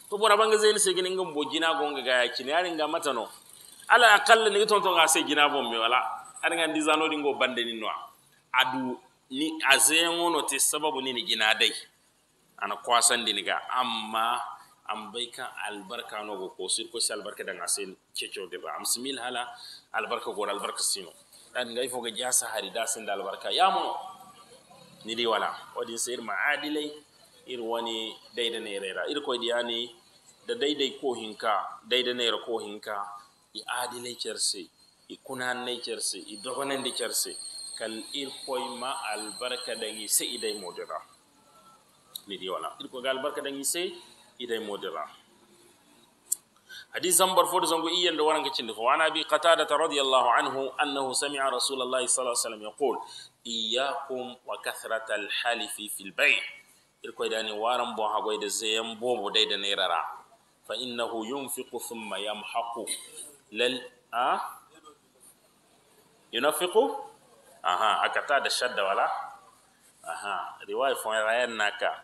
to bor abanga ze ni se gine ngam bo gina gonga ga ya cin yarin ga mata no ala akalla ni ton ton ga se gina bon mi wala an ga ndizano dingo bande ni no adu ni a wani te sababu ne ni dai ana kwasan da niga amma an bai kan albarka na ga ko sir ko albarka dan asen keke de ba am simil hala albarka go albarka sino dan ga yi ga jasa hari da sin da albarka ya mu ni dai wala odin sayir ma'adilai ir wani daida ne rera ir ko ne da daidai ko hinka daida ne ko hinka i adilai cerse i kunan ne cerse i dogonan da cerse kal irkoy ma albarka dangi se iday modira ni di wala irko gal barka dangi se iday modira hadis zambar fodo zango iyan da waranga cinde ko ana bi qatada radiyallahu anhu annahu sami'a rasulullahi sallallahu alaihi wasallam yaqul iyyakum wa kathrata alhalifi fil bay irko dani waran bon hagoy da zayan bobo dai da nairara fa innahu yunfiqu thumma yamhaqu lal a ah? yunafiqu aha ta da shadda wala aha riwaya fo riwaya naka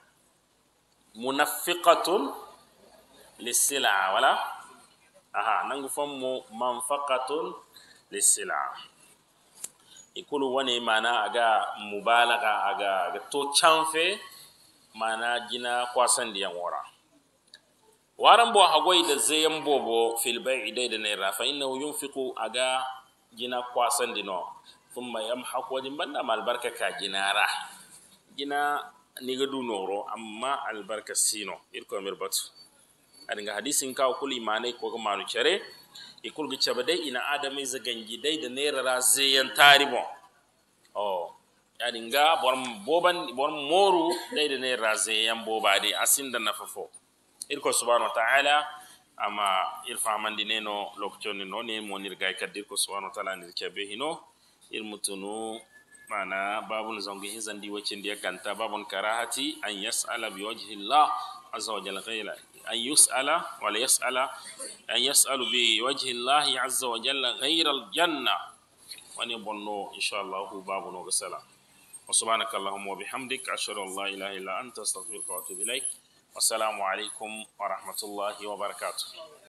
munafiqatun lisila wala aha nangu fa mu manfaqatun lisila ikulu wani mana aga mubalaga aga, aga to canfe mana jina kwasan diyan wara. waran bo hagoi da zayan bobo fil bai'i da naira fa innahu yunfiqu aga jina kwasan dino thumma yamhaqu wadin banda ma albarka ka ginara gina ga du noro amma albarka sino irko mir batu adinga hadisin ka kul imanai ko ga manu cere ikul ga dai ina adamai zagangi dai da nera ra zayan taribo o adinga borm boban borm moru dai da nera zayan boba dai asinda nafafo irko subhanahu wa ta'ala irfa mandi neno lokaconi no ne monirgay kaddir ko subhanahu wa ta'ala ndir kebe hino ilmutunu ma'ana babun zangi hizan di wacin da ya ganta babun karahati an yas'ala bi wajhi Allah azza wa jalla ghaira an yus'ala wa la yas'ala an yas'alu bi wajhi Allah azza wa jalla ghaira al-janna wani bonno insha Allah babun wa sala wa subhanaka allahumma wa bihamdik ashhadu an la ilaha illa anta astaghfiruka wa atubu ilaik assalamu alaikum wa rahmatullahi wa barakatuh